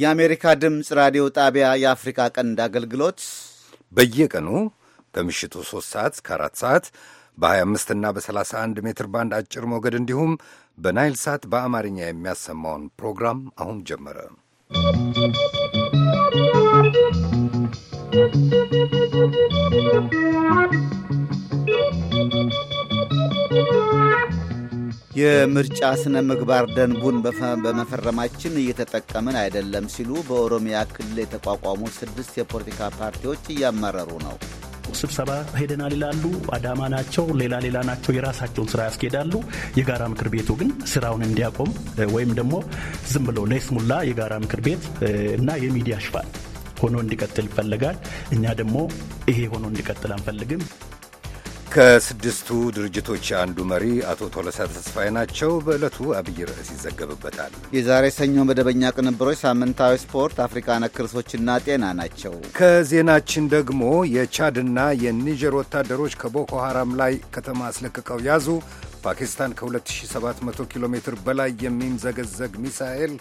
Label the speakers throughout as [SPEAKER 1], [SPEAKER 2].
[SPEAKER 1] የአሜሪካ ድምፅ ራዲዮ ጣቢያ የአፍሪካ ቀንድ አገልግሎት በየቀኑ ከምሽቱ 3 ሰዓት እስከ 4 ሰዓት በ25 እና በ31 ሜትር ባንድ አጭር ሞገድ እንዲሁም በናይል ሳት በአማርኛ የሚያሰማውን ፕሮግራም አሁን ጀመረ።
[SPEAKER 2] የምርጫ ስነ ምግባር ደንቡን በመፈረማችን እየተጠቀምን አይደለም ሲሉ በኦሮሚያ ክልል የተቋቋሙ ስድስት የፖለቲካ ፓርቲዎች እያመረሩ ነው።
[SPEAKER 3] ስብሰባ ሄደናል ይላሉ። አዳማ ናቸው፣ ሌላ ሌላ ናቸው። የራሳቸውን ስራ ያስኬዳሉ። የጋራ ምክር ቤቱ ግን ስራውን እንዲያቆም ወይም ደግሞ ዝም ብሎ ለስሙላ የጋራ ምክር ቤት እና የሚዲያ ሽፋን ሆኖ እንዲቀጥል ይፈልጋል እኛ ደግሞ ይሄ ሆኖ እንዲቀጥል አንፈልግም።
[SPEAKER 1] ከስድስቱ ድርጅቶች አንዱ መሪ አቶ ቶለሳ ተስፋዬ ናቸው። በዕለቱ አብይ ርዕስ ይዘገብበታል። የዛሬ ሰኞ መደበኛ ቅንብሮች፣
[SPEAKER 2] ሳምንታዊ ስፖርት፣ አፍሪካ ነክ ርዕሶችና ጤና ናቸው።
[SPEAKER 1] ከዜናችን ደግሞ የቻድና የኒጀር ወታደሮች ከቦኮ ሐራም ላይ ከተማ አስለቅቀው ያዙ፣ ፓኪስታን ከ2700 ኪሎ ሜትር በላይ የሚምዘገዘግ ሚሳኤል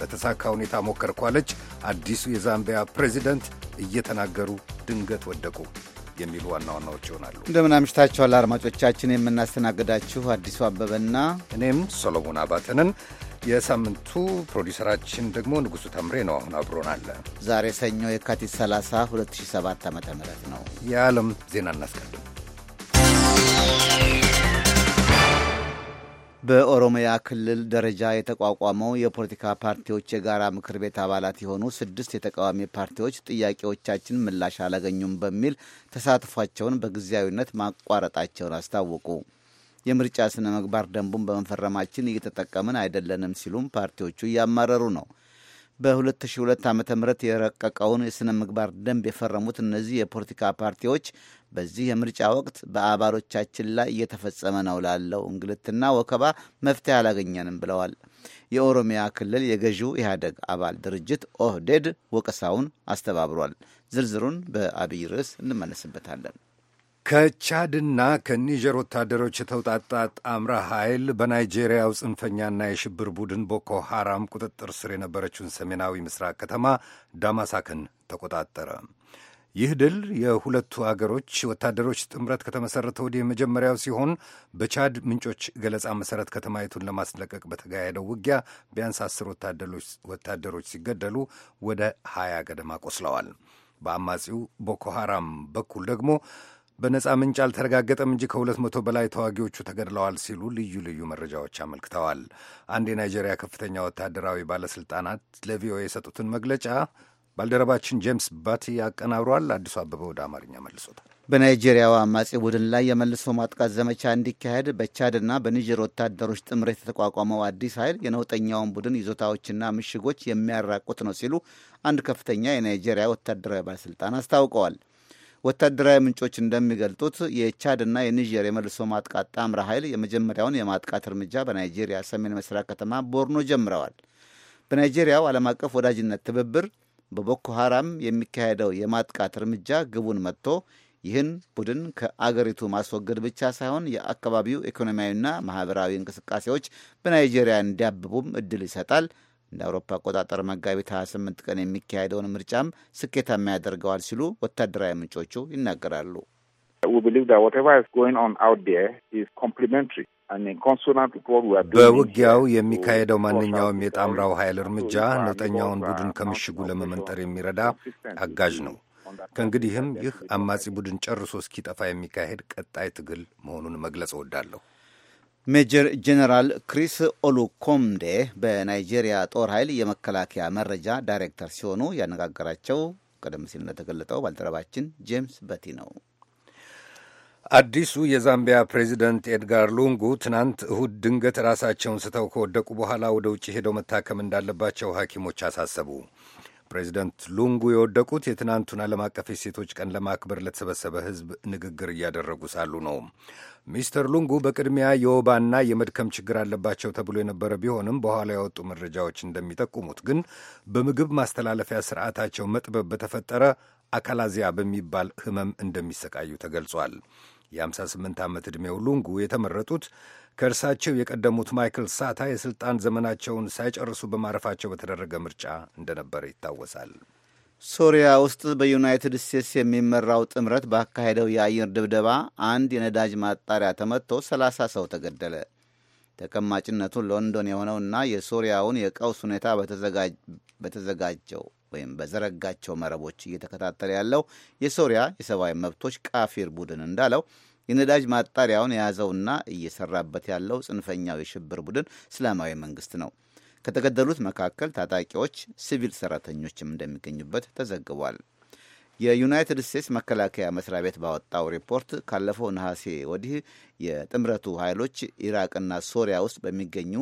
[SPEAKER 1] በተሳካ ሁኔታ ሞከርኳለች፣ አዲሱ የዛምቢያ ፕሬዚደንት እየተናገሩ ድንገት ወደቁ። የሚሉ ዋና ዋናዎች ይሆናሉ።
[SPEAKER 2] እንደምን አምሽታችኋል አድማጮቻችን። የምናስተናግዳችሁ አዲሱ
[SPEAKER 1] አበበና እኔም ሰሎሞን አባተንን። የሳምንቱ ፕሮዲውሰራችን ደግሞ ንጉሱ ተምሬ ነው። አሁን አብሮናል። ዛሬ ሰኞ የካቲት 30 2007 ዓ ም ነው።
[SPEAKER 2] የዓለም ዜና እናስቀድም። በኦሮሚያ ክልል ደረጃ የተቋቋመው የፖለቲካ ፓርቲዎች የጋራ ምክር ቤት አባላት የሆኑ ስድስት የተቃዋሚ ፓርቲዎች ጥያቄዎቻችን ምላሽ አላገኙም በሚል ተሳትፏቸውን በጊዜያዊነት ማቋረጣቸውን አስታወቁ። የምርጫ ስነ ምግባር ደንቡን በመፈረማችን እየተጠቀምን አይደለንም ሲሉም ፓርቲዎቹ እያማረሩ ነው። በ2002 ዓ ም የረቀቀውን የሥነ ምግባር ደንብ የፈረሙት እነዚህ የፖለቲካ ፓርቲዎች በዚህ የምርጫ ወቅት በአባሎቻችን ላይ እየተፈጸመ ነው ላለው እንግልትና ወከባ መፍትሄ አላገኘንም ብለዋል። የኦሮሚያ ክልል የገዢው ኢህአደግ አባል ድርጅት ኦህዴድ ወቀሳውን አስተባብሯል። ዝርዝሩን በአብይ ርዕስ እንመለስበታለን።
[SPEAKER 1] ከቻድና ከኒጀር ወታደሮች የተውጣጣ ጣምራ ኃይል በናይጄሪያው ጽንፈኛና የሽብር ቡድን ቦኮ ሐራም ቁጥጥር ስር የነበረችውን ሰሜናዊ ምስራቅ ከተማ ዳማሳክን ተቆጣጠረ። ይህ ድል የሁለቱ አገሮች ወታደሮች ጥምረት ከተመሠረተ ወዲህ የመጀመሪያው ሲሆን በቻድ ምንጮች ገለጻ መሠረት ከተማይቱን ለማስለቀቅ በተካሄደው ውጊያ ቢያንስ አስር ወታደሮች ሲገደሉ ወደ ሀያ ገደማ ቆስለዋል። በአማጺው ቦኮ ሐራም በኩል ደግሞ በነፃ ምንጭ አልተረጋገጠም እንጂ ከሁለት መቶ በላይ ተዋጊዎቹ ተገድለዋል ሲሉ ልዩ ልዩ መረጃዎች አመልክተዋል። አንድ የናይጄሪያ ከፍተኛ ወታደራዊ ባለሥልጣናት ለቪኦኤ የሰጡትን መግለጫ ባልደረባችን ጄምስ ባቲ አቀናብሯል። አዲሱ አበበ ወደ አማርኛ
[SPEAKER 2] መልሶታል። በናይጄሪያው አማጺ ቡድን ላይ የመልሶ ማጥቃት ዘመቻ እንዲካሄድ በቻድና በኒጀር ወታደሮች ጥምር የተቋቋመው አዲስ ኃይል የነውጠኛውን ቡድን ይዞታዎችና ምሽጎች የሚያራቁት ነው ሲሉ አንድ ከፍተኛ የናይጄሪያ ወታደራዊ ባለሥልጣን አስታውቀዋል። ወታደራዊ ምንጮች እንደሚገልጡት የቻድና የኒጀር የመልሶ ማጥቃት ጣምራ ኃይል የመጀመሪያውን የማጥቃት እርምጃ በናይጄሪያ ሰሜን ምስራቅ ከተማ ቦርኖ ጀምረዋል። በናይጄሪያው ዓለም አቀፍ ወዳጅነት ትብብር በቦኮ ሐራም የሚካሄደው የማጥቃት እርምጃ ግቡን መጥቶ ይህን ቡድን ከአገሪቱ ማስወገድ ብቻ ሳይሆን የአካባቢው ኢኮኖሚያዊና ማህበራዊ እንቅስቃሴዎች በናይጄሪያ እንዲያብቡም እድል ይሰጣል። እንደ አውሮፓ አቆጣጠር መጋቢት 28 ቀን የሚካሄደውን ምርጫም ስኬታማ ያደርገዋል ሲሉ ወታደራዊ ምንጮቹ ይናገራሉ።
[SPEAKER 4] በውጊያው
[SPEAKER 1] የሚካሄደው ማንኛውም የጣምራው ኃይል እርምጃ ነውጠኛውን ቡድን ከምሽጉ ለመመንጠር የሚረዳ አጋዥ ነው። ከእንግዲህም ይህ አማጺ ቡድን ጨርሶ እስኪጠፋ የሚካሄድ ቀጣይ ትግል መሆኑን መግለጽ እወዳለሁ። ሜጀር
[SPEAKER 2] ጄኔራል ክሪስ ኦሉኮምዴ በናይጄሪያ ጦር ኃይል የመከላከያ መረጃ ዳይሬክተር ሲሆኑ ያነጋገራቸው ቀደም ሲል እንደተገለጠው ባልደረባችን ጄምስ በቲ ነው።
[SPEAKER 1] አዲሱ የዛምቢያ ፕሬዚደንት ኤድጋር ሉንጉ ትናንት እሁድ ድንገት ራሳቸውን ስተው ከወደቁ በኋላ ወደ ውጭ ሄደው መታከም እንዳለባቸው ሐኪሞች አሳሰቡ። ፕሬዚደንት ሉንጉ የወደቁት የትናንቱን ዓለም አቀፍ የሴቶች ቀን ለማክበር ለተሰበሰበ ሕዝብ ንግግር እያደረጉ ሳሉ ነው። ሚስተር ሉንጉ በቅድሚያ የወባና የመድከም ችግር አለባቸው ተብሎ የነበረ ቢሆንም በኋላ የወጡ መረጃዎች እንደሚጠቁሙት ግን በምግብ ማስተላለፊያ ስርዓታቸው መጥበብ በተፈጠረ አካላዚያ በሚባል ህመም እንደሚሰቃዩ ተገልጿል። የ58 ዓመት ዕድሜው ሉንጉ የተመረጡት ከእርሳቸው የቀደሙት ማይክል ሳታ የሥልጣን ዘመናቸውን ሳይጨርሱ በማረፋቸው በተደረገ ምርጫ እንደነበረ ይታወሳል።
[SPEAKER 2] ሶሪያ ውስጥ በዩናይትድ ስቴትስ የሚመራው ጥምረት ባካሄደው የአየር ድብደባ አንድ የነዳጅ ማጣሪያ ተመትቶ 30 ሰው ተገደለ። ተቀማጭነቱ ሎንዶን የሆነውና የሶሪያውን የቀውስ ሁኔታ በተዘጋጀው ወይም በዘረጋቸው መረቦች እየተከታተለ ያለው የሶሪያ የሰብአዊ መብቶች ቃፊር ቡድን እንዳለው የነዳጅ ማጣሪያውን የያዘውና እየሰራበት ያለው ጽንፈኛው የሽብር ቡድን እስላማዊ መንግስት ነው። ከተገደሉት መካከል ታጣቂዎች፣ ሲቪል ሰራተኞችም እንደሚገኙበት ተዘግቧል። የዩናይትድ ስቴትስ መከላከያ መስሪያ ቤት ባወጣው ሪፖርት ካለፈው ነሐሴ ወዲህ የጥምረቱ ኃይሎች ኢራቅና ሶሪያ ውስጥ በሚገኙ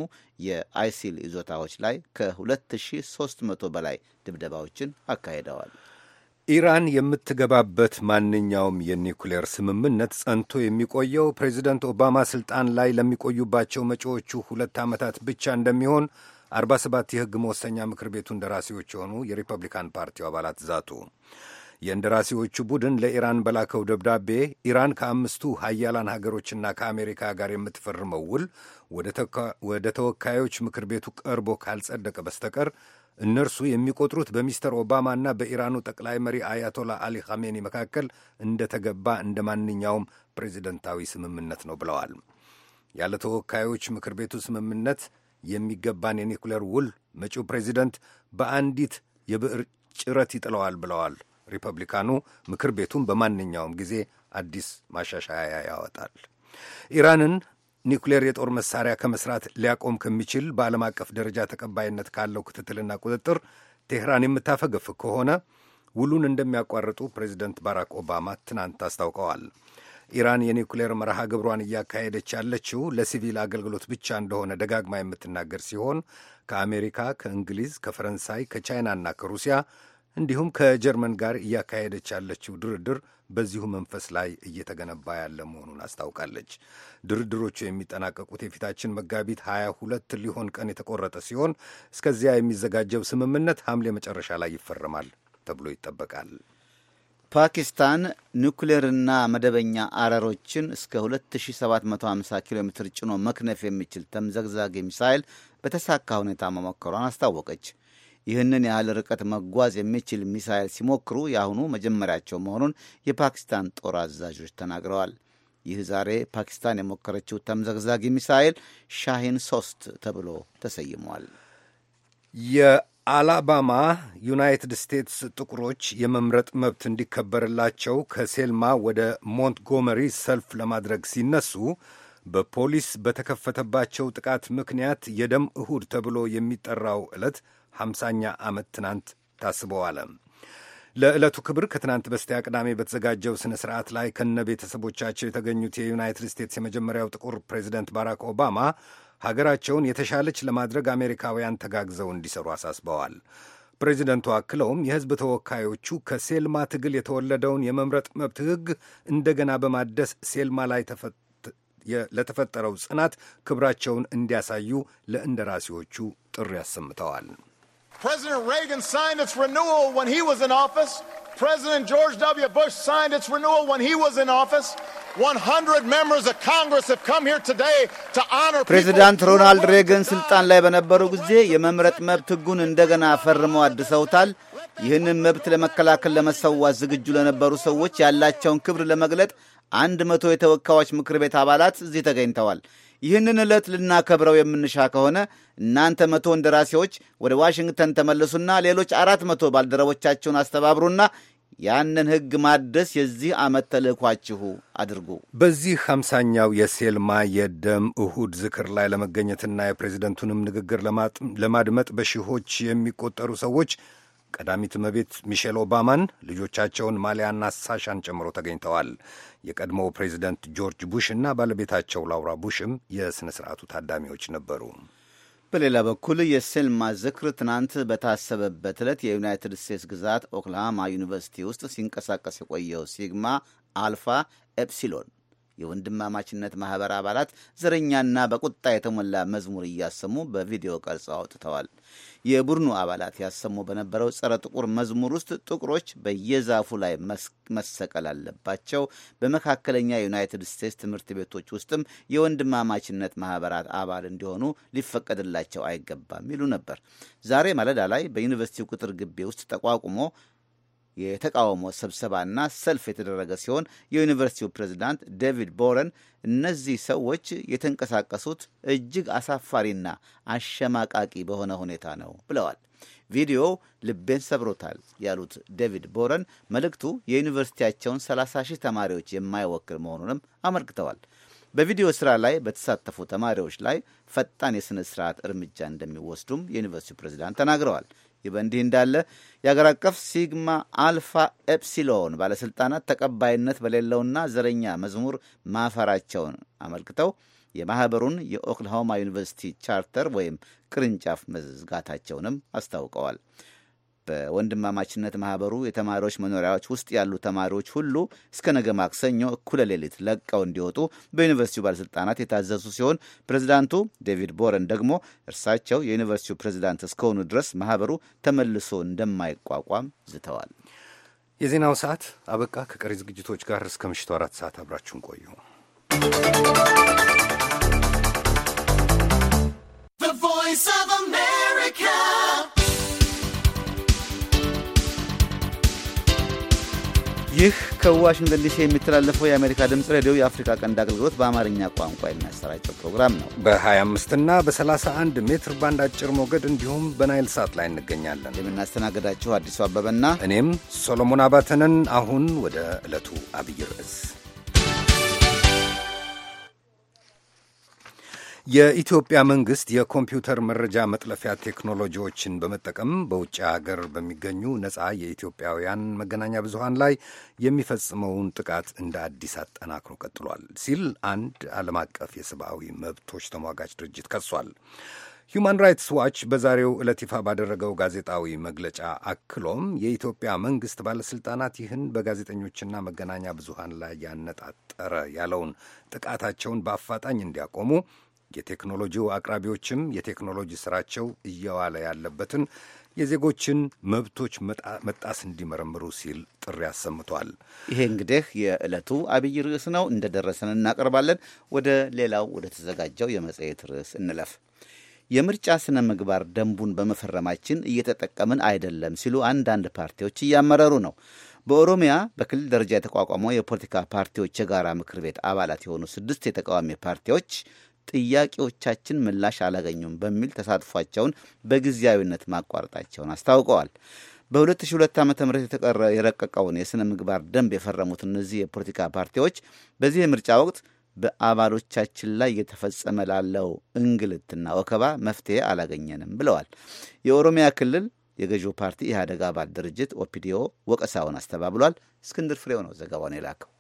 [SPEAKER 2] የአይሲል ይዞታዎች ላይ ከ2300 በላይ
[SPEAKER 1] ድብደባዎችን አካሂደዋል። ኢራን የምትገባበት ማንኛውም የኒኩሌር ስምምነት ጸንቶ የሚቆየው ፕሬዚደንት ኦባማ ስልጣን ላይ ለሚቆዩባቸው መጪዎቹ ሁለት ዓመታት ብቻ እንደሚሆን 47 የሕግ መወሰኛ ምክር ቤቱ እንደራሴዎች የሆኑ የሪፐብሊካን ፓርቲው አባላት ዛቱ። የእንደራሴዎቹ ቡድን ለኢራን በላከው ደብዳቤ ኢራን ከአምስቱ ሀያላን ሀገሮችና ከአሜሪካ ጋር የምትፈርመው ውል ወደ ተወካዮች ምክር ቤቱ ቀርቦ ካልጸደቀ በስተቀር እነርሱ የሚቆጥሩት በሚስተር ኦባማና በኢራኑ ጠቅላይ መሪ አያቶላ አሊ ኻሜኒ መካከል እንደተገባ እንደ ማንኛውም ፕሬዚደንታዊ ስምምነት ነው ብለዋል። ያለ ተወካዮች ምክር ቤቱ ስምምነት የሚገባን የኒኩሌር ውል መጪው ፕሬዚደንት በአንዲት የብዕር ጭረት ይጥለዋል ብለዋል። ሪፐብሊካኑ ምክር ቤቱን በማንኛውም ጊዜ አዲስ ማሻሻያ ያወጣል። ኢራንን ኒውክሌር የጦር መሳሪያ ከመስራት ሊያቆም ከሚችል በዓለም አቀፍ ደረጃ ተቀባይነት ካለው ክትትልና ቁጥጥር ቴህራን የምታፈገፍ ከሆነ ውሉን እንደሚያቋርጡ ፕሬዚደንት ባራክ ኦባማ ትናንት አስታውቀዋል። ኢራን የኒውክሌር መርሃ ግብሯን እያካሄደች ያለችው ለሲቪል አገልግሎት ብቻ እንደሆነ ደጋግማ የምትናገር ሲሆን ከአሜሪካ፣ ከእንግሊዝ፣ ከፈረንሳይ፣ ከቻይናና ከሩሲያ እንዲሁም ከጀርመን ጋር እያካሄደች ያለችው ድርድር በዚሁ መንፈስ ላይ እየተገነባ ያለ መሆኑን አስታውቃለች። ድርድሮቹ የሚጠናቀቁት የፊታችን መጋቢት 22 ሊሆን ቀን የተቆረጠ ሲሆን እስከዚያ የሚዘጋጀው ስምምነት ሐምሌ መጨረሻ ላይ ይፈረማል ተብሎ ይጠበቃል። ፓኪስታን ኒውክሌርና
[SPEAKER 2] መደበኛ አረሮችን እስከ 2750 ኪሎ ሜትር ጭኖ መክነፍ የሚችል ተምዘግዛጊ ሚሳይል በተሳካ ሁኔታ መሞከሯን አስታወቀች። ይህንን ያህል ርቀት መጓዝ የሚችል ሚሳይል ሲሞክሩ የአሁኑ መጀመሪያቸው መሆኑን የፓኪስታን ጦር አዛዦች ተናግረዋል። ይህ ዛሬ ፓኪስታን የሞከረችው ተምዘግዛጊ ሚሳይል
[SPEAKER 1] ሻሂን ሶስት ተብሎ ተሰይሟል። የአላባማ ዩናይትድ ስቴትስ ጥቁሮች የመምረጥ መብት እንዲከበርላቸው ከሴልማ ወደ ሞንትጎመሪ ሰልፍ ለማድረግ ሲነሱ በፖሊስ በተከፈተባቸው ጥቃት ምክንያት የደም እሁድ ተብሎ የሚጠራው ዕለት ሃምሳኛ ዓመት ትናንት ታስበዋል። ለዕለቱ ክብር ከትናንት በስቲያ ቅዳሜ በተዘጋጀው ሥነ ሥርዓት ላይ ከነ ቤተሰቦቻቸው የተገኙት የዩናይትድ ስቴትስ የመጀመሪያው ጥቁር ፕሬዚደንት ባራክ ኦባማ ሀገራቸውን የተሻለች ለማድረግ አሜሪካውያን ተጋግዘው እንዲሰሩ አሳስበዋል። ፕሬዚደንቱ አክለውም የሕዝብ ተወካዮቹ ከሴልማ ትግል የተወለደውን የመምረጥ መብት ሕግ እንደገና በማደስ ሴልማ ላይ ለተፈጠረው ጽናት ክብራቸውን እንዲያሳዩ ለእንደራሴዎቹ ጥሪ አሰምተዋል።
[SPEAKER 5] President Reagan signed its renewal when he was in office. President George W. Bush signed its renewal when he was in office. 100 members of Congress have come here today to honor President Ronald
[SPEAKER 2] Reagan. ስልጣን ላይ በነበሩ ጊዜ የመምረጥ መብት ሕጉን እንደገና ፈርመው አድሰውታል። ይህንን መብት ለመከላከል ለመሰዋት ዝግጁ ለነበሩ ሰዎች ያላቸውን ክብር ለመግለጥ አንድ መቶ የተወካዮች ምክር ቤት አባላት እዚህ ተገኝተዋል። ይህንን ዕለት ልናከብረው የምንሻ ከሆነ እናንተ መቶ እንደራሴዎች ወደ ዋሽንግተን ተመልሱና ሌሎች አራት መቶ ባልደረቦቻችሁን አስተባብሩና ያንን ሕግ ማደስ የዚህ ዓመት ተልእኳችሁ አድርጉ።
[SPEAKER 1] በዚህ ሃምሳኛው የሴልማ የደም እሁድ ዝክር ላይ ለመገኘትና የፕሬዚደንቱንም ንግግር ለማድመጥ በሺዎች የሚቆጠሩ ሰዎች ቀዳሚት እመቤት ሚሼል ኦባማን፣ ልጆቻቸውን ማሊያና ሳሻን ጨምሮ ተገኝተዋል። የቀድሞው ፕሬዚደንት ጆርጅ ቡሽ እና ባለቤታቸው ላውራ ቡሽም የሥነ ሥርዓቱ ታዳሚዎች ነበሩ። በሌላ በኩል የሴልማ
[SPEAKER 2] ዝክር ትናንት በታሰበበት ዕለት የዩናይትድ ስቴትስ ግዛት ኦክላሃማ ዩኒቨርሲቲ ውስጥ ሲንቀሳቀስ የቆየው ሲግማ አልፋ ኤፕሲሎን የወንድማማችነት ማህበር አባላት ዘረኛና በቁጣ የተሞላ መዝሙር እያሰሙ በቪዲዮ ቀርጸው አውጥተዋል። የቡድኑ አባላት ያሰሙ በነበረው ጸረ ጥቁር መዝሙር ውስጥ ጥቁሮች በየዛፉ ላይ መሰቀል አለባቸው፣ በመካከለኛ የዩናይትድ ስቴትስ ትምህርት ቤቶች ውስጥም የወንድማማችነት ማህበራት አባል እንዲሆኑ ሊፈቀድላቸው አይገባም ይሉ ነበር። ዛሬ ማለዳ ላይ በዩኒቨርሲቲ ቅጥር ግቢ ውስጥ ተቋቁሞ የተቃውሞ ስብሰባና ሰልፍ የተደረገ ሲሆን የዩኒቨርሲቲው ፕሬዝዳንት ዴቪድ ቦረን እነዚህ ሰዎች የተንቀሳቀሱት እጅግ አሳፋሪና አሸማቃቂ በሆነ ሁኔታ ነው ብለዋል። ቪዲዮ ልቤን ሰብሮታል ያሉት ዴቪድ ቦረን መልእክቱ የዩኒቨርሲቲያቸውን 30 ሺህ ተማሪዎች የማይወክል መሆኑንም አመልክተዋል። በቪዲዮ ስራ ላይ በተሳተፉ ተማሪዎች ላይ ፈጣን የሥነ ሥርዓት እርምጃ እንደሚወስዱም የዩኒቨርሲቲው ፕሬዝዳንት ተናግረዋል። ይህ በእንዲህ እንዳለ የአገር አቀፍ ሲግማ አልፋ ኤፕሲሎን ባለሥልጣናት ተቀባይነት በሌለውና ዘረኛ መዝሙር ማፈራቸውን አመልክተው የማኅበሩን የኦክላሆማ ዩኒቨርሲቲ ቻርተር ወይም ቅርንጫፍ መዝጋታቸውንም አስታውቀዋል። በወንድማማችነት ማህበሩ የተማሪዎች መኖሪያዎች ውስጥ ያሉ ተማሪዎች ሁሉ እስከ ነገ ማክሰኞ እኩለ ሌሊት ለቀው እንዲወጡ በዩኒቨርሲቲው ባለስልጣናት የታዘዙ ሲሆን ፕሬዚዳንቱ ዴቪድ ቦረን ደግሞ እርሳቸው የዩኒቨርሲቲው ፕሬዚዳንት እስከሆኑ ድረስ ማህበሩ ተመልሶ
[SPEAKER 1] እንደማይቋቋም ዝተዋል። የዜናው ሰዓት አበቃ። ከቀሪ ዝግጅቶች ጋር እስከ ምሽቱ አራት ሰዓት አብራችሁን ቆዩ።
[SPEAKER 2] ይህ ከዋሽንግተን ዲሲ
[SPEAKER 1] የሚተላለፈው የአሜሪካ ድምፅ ሬዲዮ የአፍሪካ ቀንድ አገልግሎት በአማርኛ ቋንቋ የሚያሰራጨው ፕሮግራም ነው። በ25 እና በ31 ሜትር ባንድ አጭር ሞገድ እንዲሁም በናይል ሳት ላይ እንገኛለን። የምናስተናግዳችሁ አዲሱ አበበና እኔም ሶሎሞን አባተንን። አሁን ወደ ዕለቱ አብይ ርዕስ የኢትዮጵያ መንግስት የኮምፒውተር መረጃ መጥለፊያ ቴክኖሎጂዎችን በመጠቀም በውጭ ሀገር በሚገኙ ነፃ የኢትዮጵያውያን መገናኛ ብዙሃን ላይ የሚፈጽመውን ጥቃት እንደ አዲስ አጠናክሮ ቀጥሏል ሲል አንድ ዓለም አቀፍ የሰብአዊ መብቶች ተሟጋች ድርጅት ከሷል። ሁማን ራይትስ ዋች በዛሬው ዕለት ይፋ ባደረገው ጋዜጣዊ መግለጫ አክሎም የኢትዮጵያ መንግስት ባለሥልጣናት ይህን በጋዜጠኞችና መገናኛ ብዙሃን ላይ ያነጣጠረ ያለውን ጥቃታቸውን በአፋጣኝ እንዲያቆሙ የቴክኖሎጂው አቅራቢዎችም የቴክኖሎጂ ስራቸው እየዋለ ያለበትን የዜጎችን መብቶች መጣስ እንዲመረምሩ ሲል ጥሪ አሰምቷል። ይሄ እንግዲህ የዕለቱ
[SPEAKER 2] አብይ ርዕስ ነው። እንደደረሰን እናቀርባለን። ወደ ሌላው ወደ ተዘጋጀው የመጽሔት ርዕስ እንለፍ። የምርጫ ስነ ምግባር ደንቡን በመፈረማችን እየተጠቀምን አይደለም ሲሉ አንዳንድ ፓርቲዎች እያመረሩ ነው። በኦሮሚያ በክልል ደረጃ የተቋቋመው የፖለቲካ ፓርቲዎች የጋራ ምክር ቤት አባላት የሆኑ ስድስት የተቃዋሚ ፓርቲዎች ጥያቄዎቻችን ምላሽ አላገኙም በሚል ተሳትፏቸውን በጊዜያዊነት ማቋረጣቸውን አስታውቀዋል። በ2002 ዓ ም የረቀቀውን የሥነ ምግባር ደንብ የፈረሙት እነዚህ የፖለቲካ ፓርቲዎች በዚህ የምርጫ ወቅት በአባሎቻችን ላይ እየተፈጸመ ላለው እንግልትና ወከባ መፍትሄ አላገኘንም ብለዋል። የኦሮሚያ ክልል የገዢው ፓርቲ ኢህአደግ አባል ድርጅት ኦፒዲዮ ወቀሳውን አስተባብሏል። እስክንድር ፍሬው ነው ዘገባውን የላከው።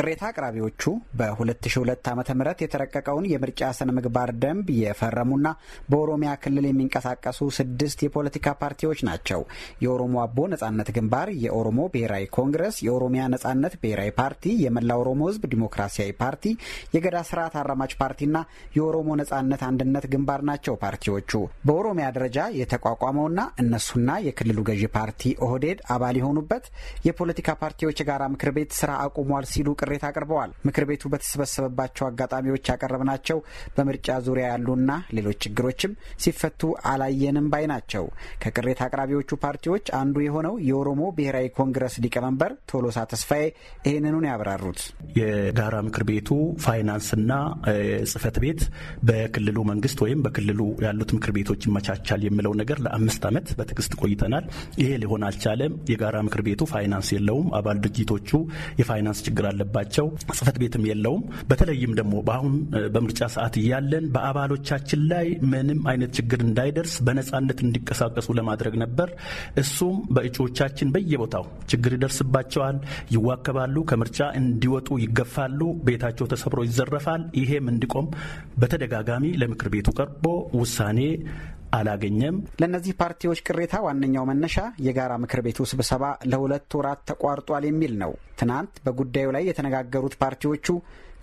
[SPEAKER 6] ቅሬታ አቅራቢዎቹ በ2002 ዓ ም የተረቀቀውን የምርጫ ስነ ምግባር ደንብ የፈረሙና በኦሮሚያ ክልል የሚንቀሳቀሱ ስድስት የፖለቲካ ፓርቲዎች ናቸው። የኦሮሞ አቦ ነጻነት ግንባር፣ የኦሮሞ ብሔራዊ ኮንግረስ፣ የኦሮሚያ ነጻነት ብሔራዊ ፓርቲ፣ የመላ ኦሮሞ ህዝብ ዲሞክራሲያዊ ፓርቲ፣ የገዳ ስርዓት አራማጅ ፓርቲና የኦሮሞ ነጻነት አንድነት ግንባር ናቸው። ፓርቲዎቹ በኦሮሚያ ደረጃ የተቋቋመውና እነሱና የክልሉ ገዢ ፓርቲ ኦህዴድ አባል የሆኑበት የፖለቲካ ፓርቲዎች የጋራ ምክር ቤት ስራ አቁሟል ሲሉ ቅሬታ አቅርበዋል። ምክር ቤቱ በተሰበሰበባቸው አጋጣሚዎች ያቀረብናቸው በምርጫ ዙሪያ ያሉና ሌሎች ችግሮችም ሲፈቱ አላየንም ባይ ናቸው። ከቅሬታ አቅራቢዎቹ
[SPEAKER 3] ፓርቲዎች አንዱ የሆነው
[SPEAKER 6] የኦሮሞ ብሔራዊ ኮንግረስ ሊቀመንበር ቶሎሳ
[SPEAKER 3] ተስፋዬ ይህንኑን ያብራሩት የጋራ ምክር ቤቱ ፋይናንስና ጽህፈት ቤት በክልሉ መንግስት ወይም በክልሉ ያሉት ምክር ቤቶች ይመቻቻል የሚለው ነገር ለአምስት ዓመት በትዕግስት ቆይተናል። ይሄ ሊሆን አልቻለም። የጋራ ምክር ቤቱ ፋይናንስ የለውም። አባል ድርጅቶቹ የፋይናንስ ችግር አለባቸው ያለባቸው ጽህፈት ቤትም የለውም። በተለይም ደግሞ በአሁን በምርጫ ሰዓት እያለን በአባሎቻችን ላይ ምንም አይነት ችግር እንዳይደርስ በነፃነት እንዲንቀሳቀሱ ለማድረግ ነበር። እሱም በእጩዎቻችን በየቦታው ችግር ይደርስባቸዋል፣ ይዋከባሉ፣ ከምርጫ እንዲወጡ ይገፋሉ፣ ቤታቸው ተሰብሮ ይዘረፋል። ይሄም እንዲቆም በተደጋጋሚ ለምክር ቤቱ ቀርቦ ውሳኔ አላገኘም። ለእነዚህ ፓርቲዎች ቅሬታ ዋነኛው መነሻ
[SPEAKER 6] የጋራ ምክር ቤቱ ስብሰባ ለሁለት ወራት ተቋርጧል የሚል ነው። ትናንት በጉዳዩ ላይ የተነጋገሩት ፓርቲዎቹ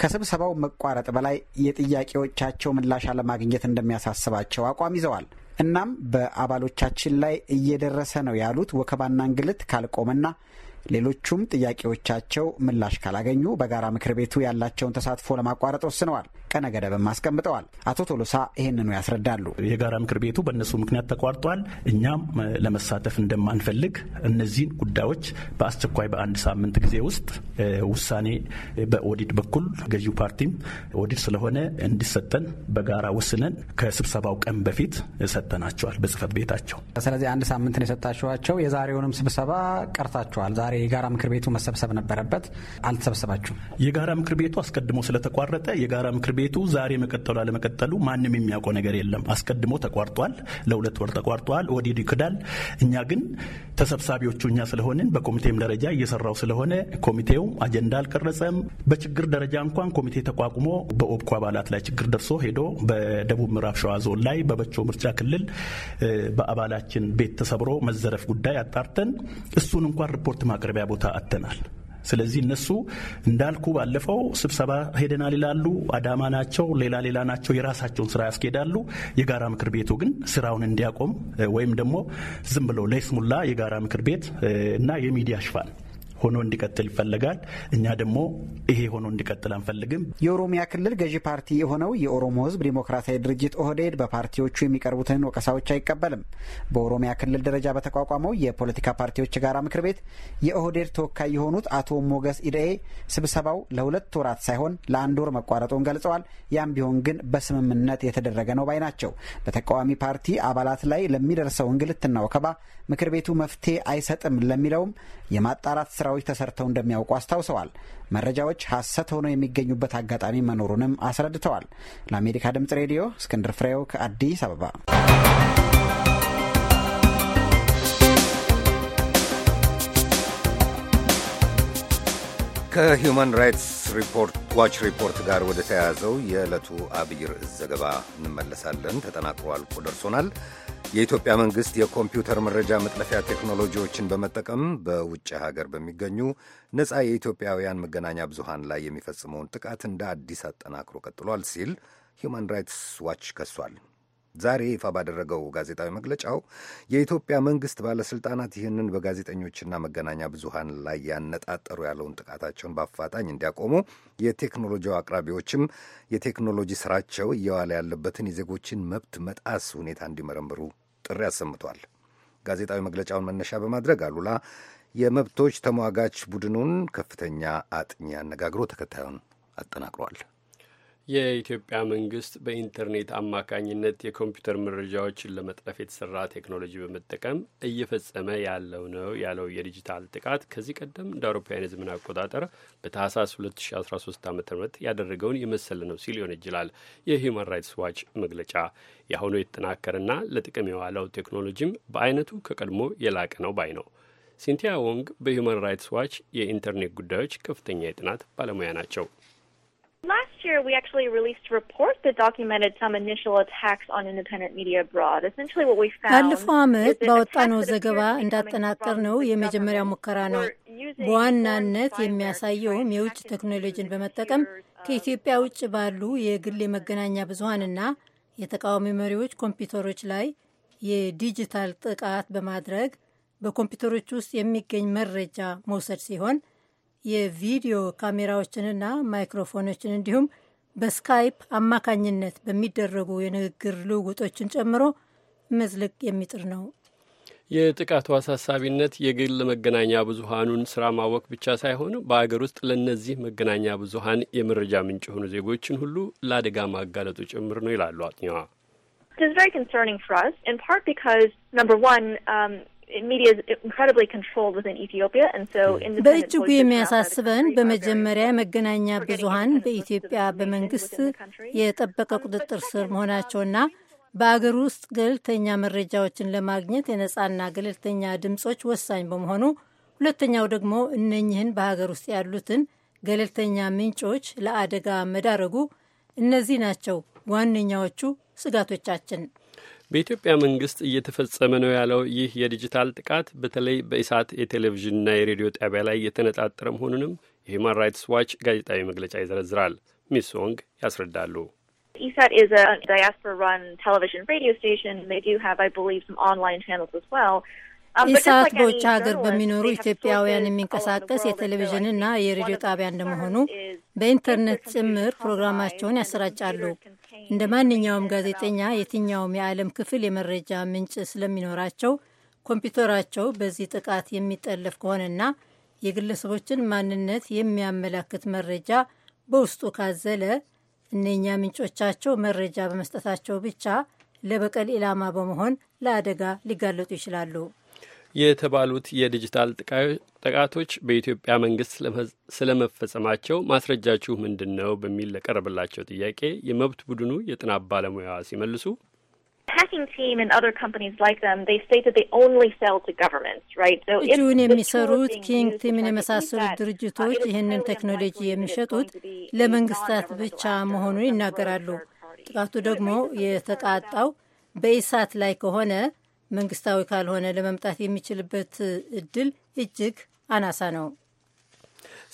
[SPEAKER 6] ከስብሰባው መቋረጥ በላይ የጥያቄዎቻቸው ምላሽ አለማግኘት እንደሚያሳስባቸው አቋም ይዘዋል። እናም በአባሎቻችን ላይ እየደረሰ ነው ያሉት ወከባና እንግልት ካልቆመና ሌሎቹም ጥያቄዎቻቸው ምላሽ ካላገኙ በጋራ ምክር ቤቱ ያላቸውን ተሳትፎ ለማቋረጥ ወስነዋል፣ ቀነ ገደብም አስቀምጠዋል። አቶ ቶሎሳ
[SPEAKER 3] ይህንኑ ያስረዳሉ። የጋራ ምክር ቤቱ በእነሱ ምክንያት ተቋርጧል። እኛም ለመሳተፍ እንደማንፈልግ እነዚህን ጉዳዮች በአስቸኳይ በአንድ ሳምንት ጊዜ ውስጥ ውሳኔ በኦዲድ በኩል ገዢው ፓርቲም ኦዲድ ስለሆነ እንዲሰጠን በጋራ ወስነን ከስብሰባው ቀን በፊት ሰጠናቸዋል በጽህፈት ቤታቸው።
[SPEAKER 6] ስለዚህ አንድ ነው የሰጣችኋቸው የዛሬውንም ስብሰባ ቀርታችኋል። ዛሬ የጋራ ምክር ቤቱ መሰብሰብ ነበረበት፣ አልተሰበሰባችሁም።
[SPEAKER 3] የጋራ ምክር ቤቱ አስቀድሞ ስለተቋረጠ የጋራ ምክር ቤቱ ዛሬ መቀጠሉ አለመቀጠሉ ማንም የሚያውቀው ነገር የለም። አስቀድሞ ተቋርጧል። ለሁለት ወር ተቋርጧል። ወዲድ ይክዳል። እኛ ግን ተሰብሳቢዎቹ እኛ ስለሆንን በኮሚቴም ደረጃ እየሰራው ስለሆነ ኮሚቴው አጀንዳ አልቀረጸም። በችግር ደረጃ እንኳን ኮሚቴ ተቋቁሞ በኦብኮ አባላት ላይ ችግር ደርሶ ሄዶ በደቡብ ምዕራብ ሸዋ ዞን ላይ በበቾ ምርጫ ክልል በአባላችን ቤት ተሰብሮ መዘረፍ ጉዳይ አጣርተን እሱን እንኳን ሪፖርት ማቅረብ ማቅረቢያ ቦታ አጥተናል። ስለዚህ እነሱ እንዳልኩ ባለፈው ስብሰባ ሄደናል ይላሉ። አዳማ ናቸው፣ ሌላ ሌላ ናቸው። የራሳቸውን ስራ ያስኬዳሉ። የጋራ ምክር ቤቱ ግን ስራውን እንዲያቆም ወይም ደግሞ ዝም ብለው ለይስሙላ የጋራ ምክር ቤት እና የሚዲያ ሽፋን ሆኖ እንዲቀጥል ይፈልጋል እኛ ደግሞ ይሄ ሆኖ እንዲቀጥል አንፈልግም። የኦሮሚያ ክልል ገዢ ፓርቲ የሆነው የኦሮሞ ሕዝብ ዴሞክራሲያዊ
[SPEAKER 6] ድርጅት ኦህዴድ በፓርቲዎቹ የሚቀርቡትን ወቀሳዎች አይቀበልም። በኦሮሚያ ክልል ደረጃ በተቋቋመው የፖለቲካ ፓርቲዎች ጋራ ምክር ቤት የኦህዴድ ተወካይ የሆኑት አቶ ሞገስ ኢደኤ ስብሰባው ለሁለት ወራት ሳይሆን ለአንድ ወር መቋረጡን ገልጸዋል። ያም ቢሆን ግን በስምምነት የተደረገ ነው ባይ ናቸው። በተቃዋሚ ፓርቲ አባላት ላይ ለሚደርሰው እንግልትና ወከባ ምክር ቤቱ መፍትሄ አይሰጥም ለሚለውም የማጣራት ስራዎች ተሰርተው እንደሚያውቁ አስታውሰዋል። መረጃዎች ሐሰት ሆነው የሚገኙበት አጋጣሚ መኖሩንም አስረድተዋል። ለአሜሪካ ድምጽ ሬዲዮ እስክንድር ፍሬው ከአዲስ አበባ።
[SPEAKER 1] ከሁማን ራይትስ ዋች ሪፖርት ጋር ወደ ተያያዘው የዕለቱ አብይ ርዕስ ዘገባ እንመለሳለን። ተጠናቅሮ አልቆ ደርሶናል። የኢትዮጵያ መንግሥት የኮምፒውተር መረጃ መጥለፊያ ቴክኖሎጂዎችን በመጠቀም በውጭ ሀገር በሚገኙ ነፃ የኢትዮጵያውያን መገናኛ ብዙሃን ላይ የሚፈጽመውን ጥቃት እንደ አዲስ አጠናክሮ ቀጥሏል ሲል ሁማን ራይትስ ዋች ከሷል። ዛሬ ይፋ ባደረገው ጋዜጣዊ መግለጫው የኢትዮጵያ መንግስት ባለስልጣናት ይህንን በጋዜጠኞችና መገናኛ ብዙሃን ላይ ያነጣጠሩ ያለውን ጥቃታቸውን በአፋጣኝ እንዲያቆሙ፣ የቴክኖሎጂው አቅራቢዎችም የቴክኖሎጂ ስራቸው እየዋለ ያለበትን የዜጎችን መብት መጣስ ሁኔታ እንዲመረምሩ ጥሪ አሰምቷል። ጋዜጣዊ መግለጫውን መነሻ በማድረግ አሉላ የመብቶች ተሟጋች ቡድኑን ከፍተኛ አጥኚ አነጋግሮ ተከታዩን አጠናቅሯል።
[SPEAKER 7] የኢትዮጵያ መንግስት በኢንተርኔት አማካኝነት የኮምፒውተር መረጃዎችን ለመጥለፍ የተሰራ ቴክኖሎጂ በመጠቀም እየፈጸመ ያለው ነው ያለው የዲጂታል ጥቃት ከዚህ ቀደም እንደ አውሮፓውያን የዘመን አቆጣጠር በታህሳስ 2013 ዓ ም ያደረገውን የመሰለ ነው ሲል ይችላል። የሂውማን ራይትስ ዋች መግለጫ። የአሁኑ የተጠናከረና ለጥቅም የዋለው ቴክኖሎጂም በአይነቱ ከቀድሞ የላቀ ነው ባይ ነው። ሲንቲያ ወንግ በሂውማን ራይትስ ዋች የኢንተርኔት ጉዳዮች ከፍተኛ የጥናት ባለሙያ ናቸው።
[SPEAKER 5] Last year, we actually released a report that documented some initial attacks on independent media abroad. Essentially what we found ባለፈው ዓመት
[SPEAKER 8] ባወጣነው ዘገባ እንዳጠናቀር ነው የመጀመሪያ ሙከራ ነው። በዋናነት የሚያሳየውም የውጭ ቴክኖሎጂን በመጠቀም ከኢትዮጵያ ውጭ ባሉ የግል የመገናኛ ብዙኃንና የተቃዋሚ መሪዎች ኮምፒውተሮች ላይ የዲጂታል ጥቃት በማድረግ በኮምፒውተሮች ውስጥ የሚገኝ መረጃ መውሰድ ሲሆን የቪዲዮ ካሜራዎችንና ማይክሮፎኖችን እንዲሁም በስካይፕ አማካኝነት በሚደረጉ የንግግር ልውውጦችን ጨምሮ መዝለቅ የሚጥር ነው።
[SPEAKER 7] የጥቃቱ አሳሳቢነት የግል መገናኛ ብዙሀኑን ስራ ማወቅ ብቻ ሳይሆን በአገር ውስጥ ለእነዚህ መገናኛ ብዙሀን የመረጃ ምንጭ የሆኑ ዜጎችን ሁሉ ለአደጋ ማጋለጡ ጭምር ነው ይላሉ አጥኚዋ።
[SPEAKER 5] Hmm. በእጅጉ
[SPEAKER 8] የሚያሳስበን በመጀመሪያ መገናኛ ብዙሃን በኢትዮጵያ በመንግስት የጠበቀ um, ቁጥጥር ስር መሆናቸውና በአገር ውስጥ ገለልተኛ መረጃዎችን ለማግኘት የነጻና ገለልተኛ ድምጾች ወሳኝ በመሆኑ፣ ሁለተኛው ደግሞ እነኝህን በሀገር ውስጥ ያሉትን ገለልተኛ ምንጮች ለአደጋ መዳረጉ። እነዚህ ናቸው ዋነኛዎቹ ስጋቶቻችን።
[SPEAKER 7] በኢትዮጵያ መንግስት እየተፈጸመ ነው ያለው ይህ የዲጂታል ጥቃት በተለይ በኢሳት የቴሌቪዥንና የሬዲዮ ጣቢያ ላይ የተነጣጠረ መሆኑንም የሂማን ራይትስ ዋች ጋዜጣዊ መግለጫ ይዘረዝራል። ሚስ ወንግ ያስረዳሉ።
[SPEAKER 5] ኢሳት is a diaspora run television radio station. They do have, I believe, some online channels as well. ኢሳት በውጭ ሀገር
[SPEAKER 8] በሚኖሩ ኢትዮጵያውያን የሚንቀሳቀስ የቴሌቪዥንና የሬዲዮ ጣቢያ እንደመሆኑ በኢንተርኔት ጭምር ፕሮግራማቸውን ያሰራጫሉ። እንደ ማንኛውም ጋዜጠኛ የትኛውም የዓለም ክፍል የመረጃ ምንጭ ስለሚኖራቸው ኮምፒውተራቸው በዚህ ጥቃት የሚጠለፍ ከሆነና የግለሰቦችን ማንነት የሚያመላክት መረጃ በውስጡ ካዘለ እነኛ ምንጮቻቸው መረጃ በመስጠታቸው ብቻ ለበቀል ኢላማ በመሆን ለአደጋ ሊጋለጡ ይችላሉ።
[SPEAKER 7] የተባሉት የዲጂታል ጥቃቶች በኢትዮጵያ መንግስት ስለመፈጸማቸው ማስረጃችሁ ምንድን ነው በሚል ለቀረበላቸው ጥያቄ የመብት ቡድኑ የጥናት ባለሙያ ሲመልሱ
[SPEAKER 8] እጁን የሚሰሩት ኪንግ ቲምን የመሳሰሉት ድርጅቶች ይህንን ቴክኖሎጂ የሚሸጡት ለመንግስታት ብቻ መሆኑን ይናገራሉ። ጥቃቱ ደግሞ የተቃጣው በኢሳት ላይ ከሆነ መንግስታዊ ካልሆነ ለመምጣት የሚችልበት እድል እጅግ አናሳ ነው።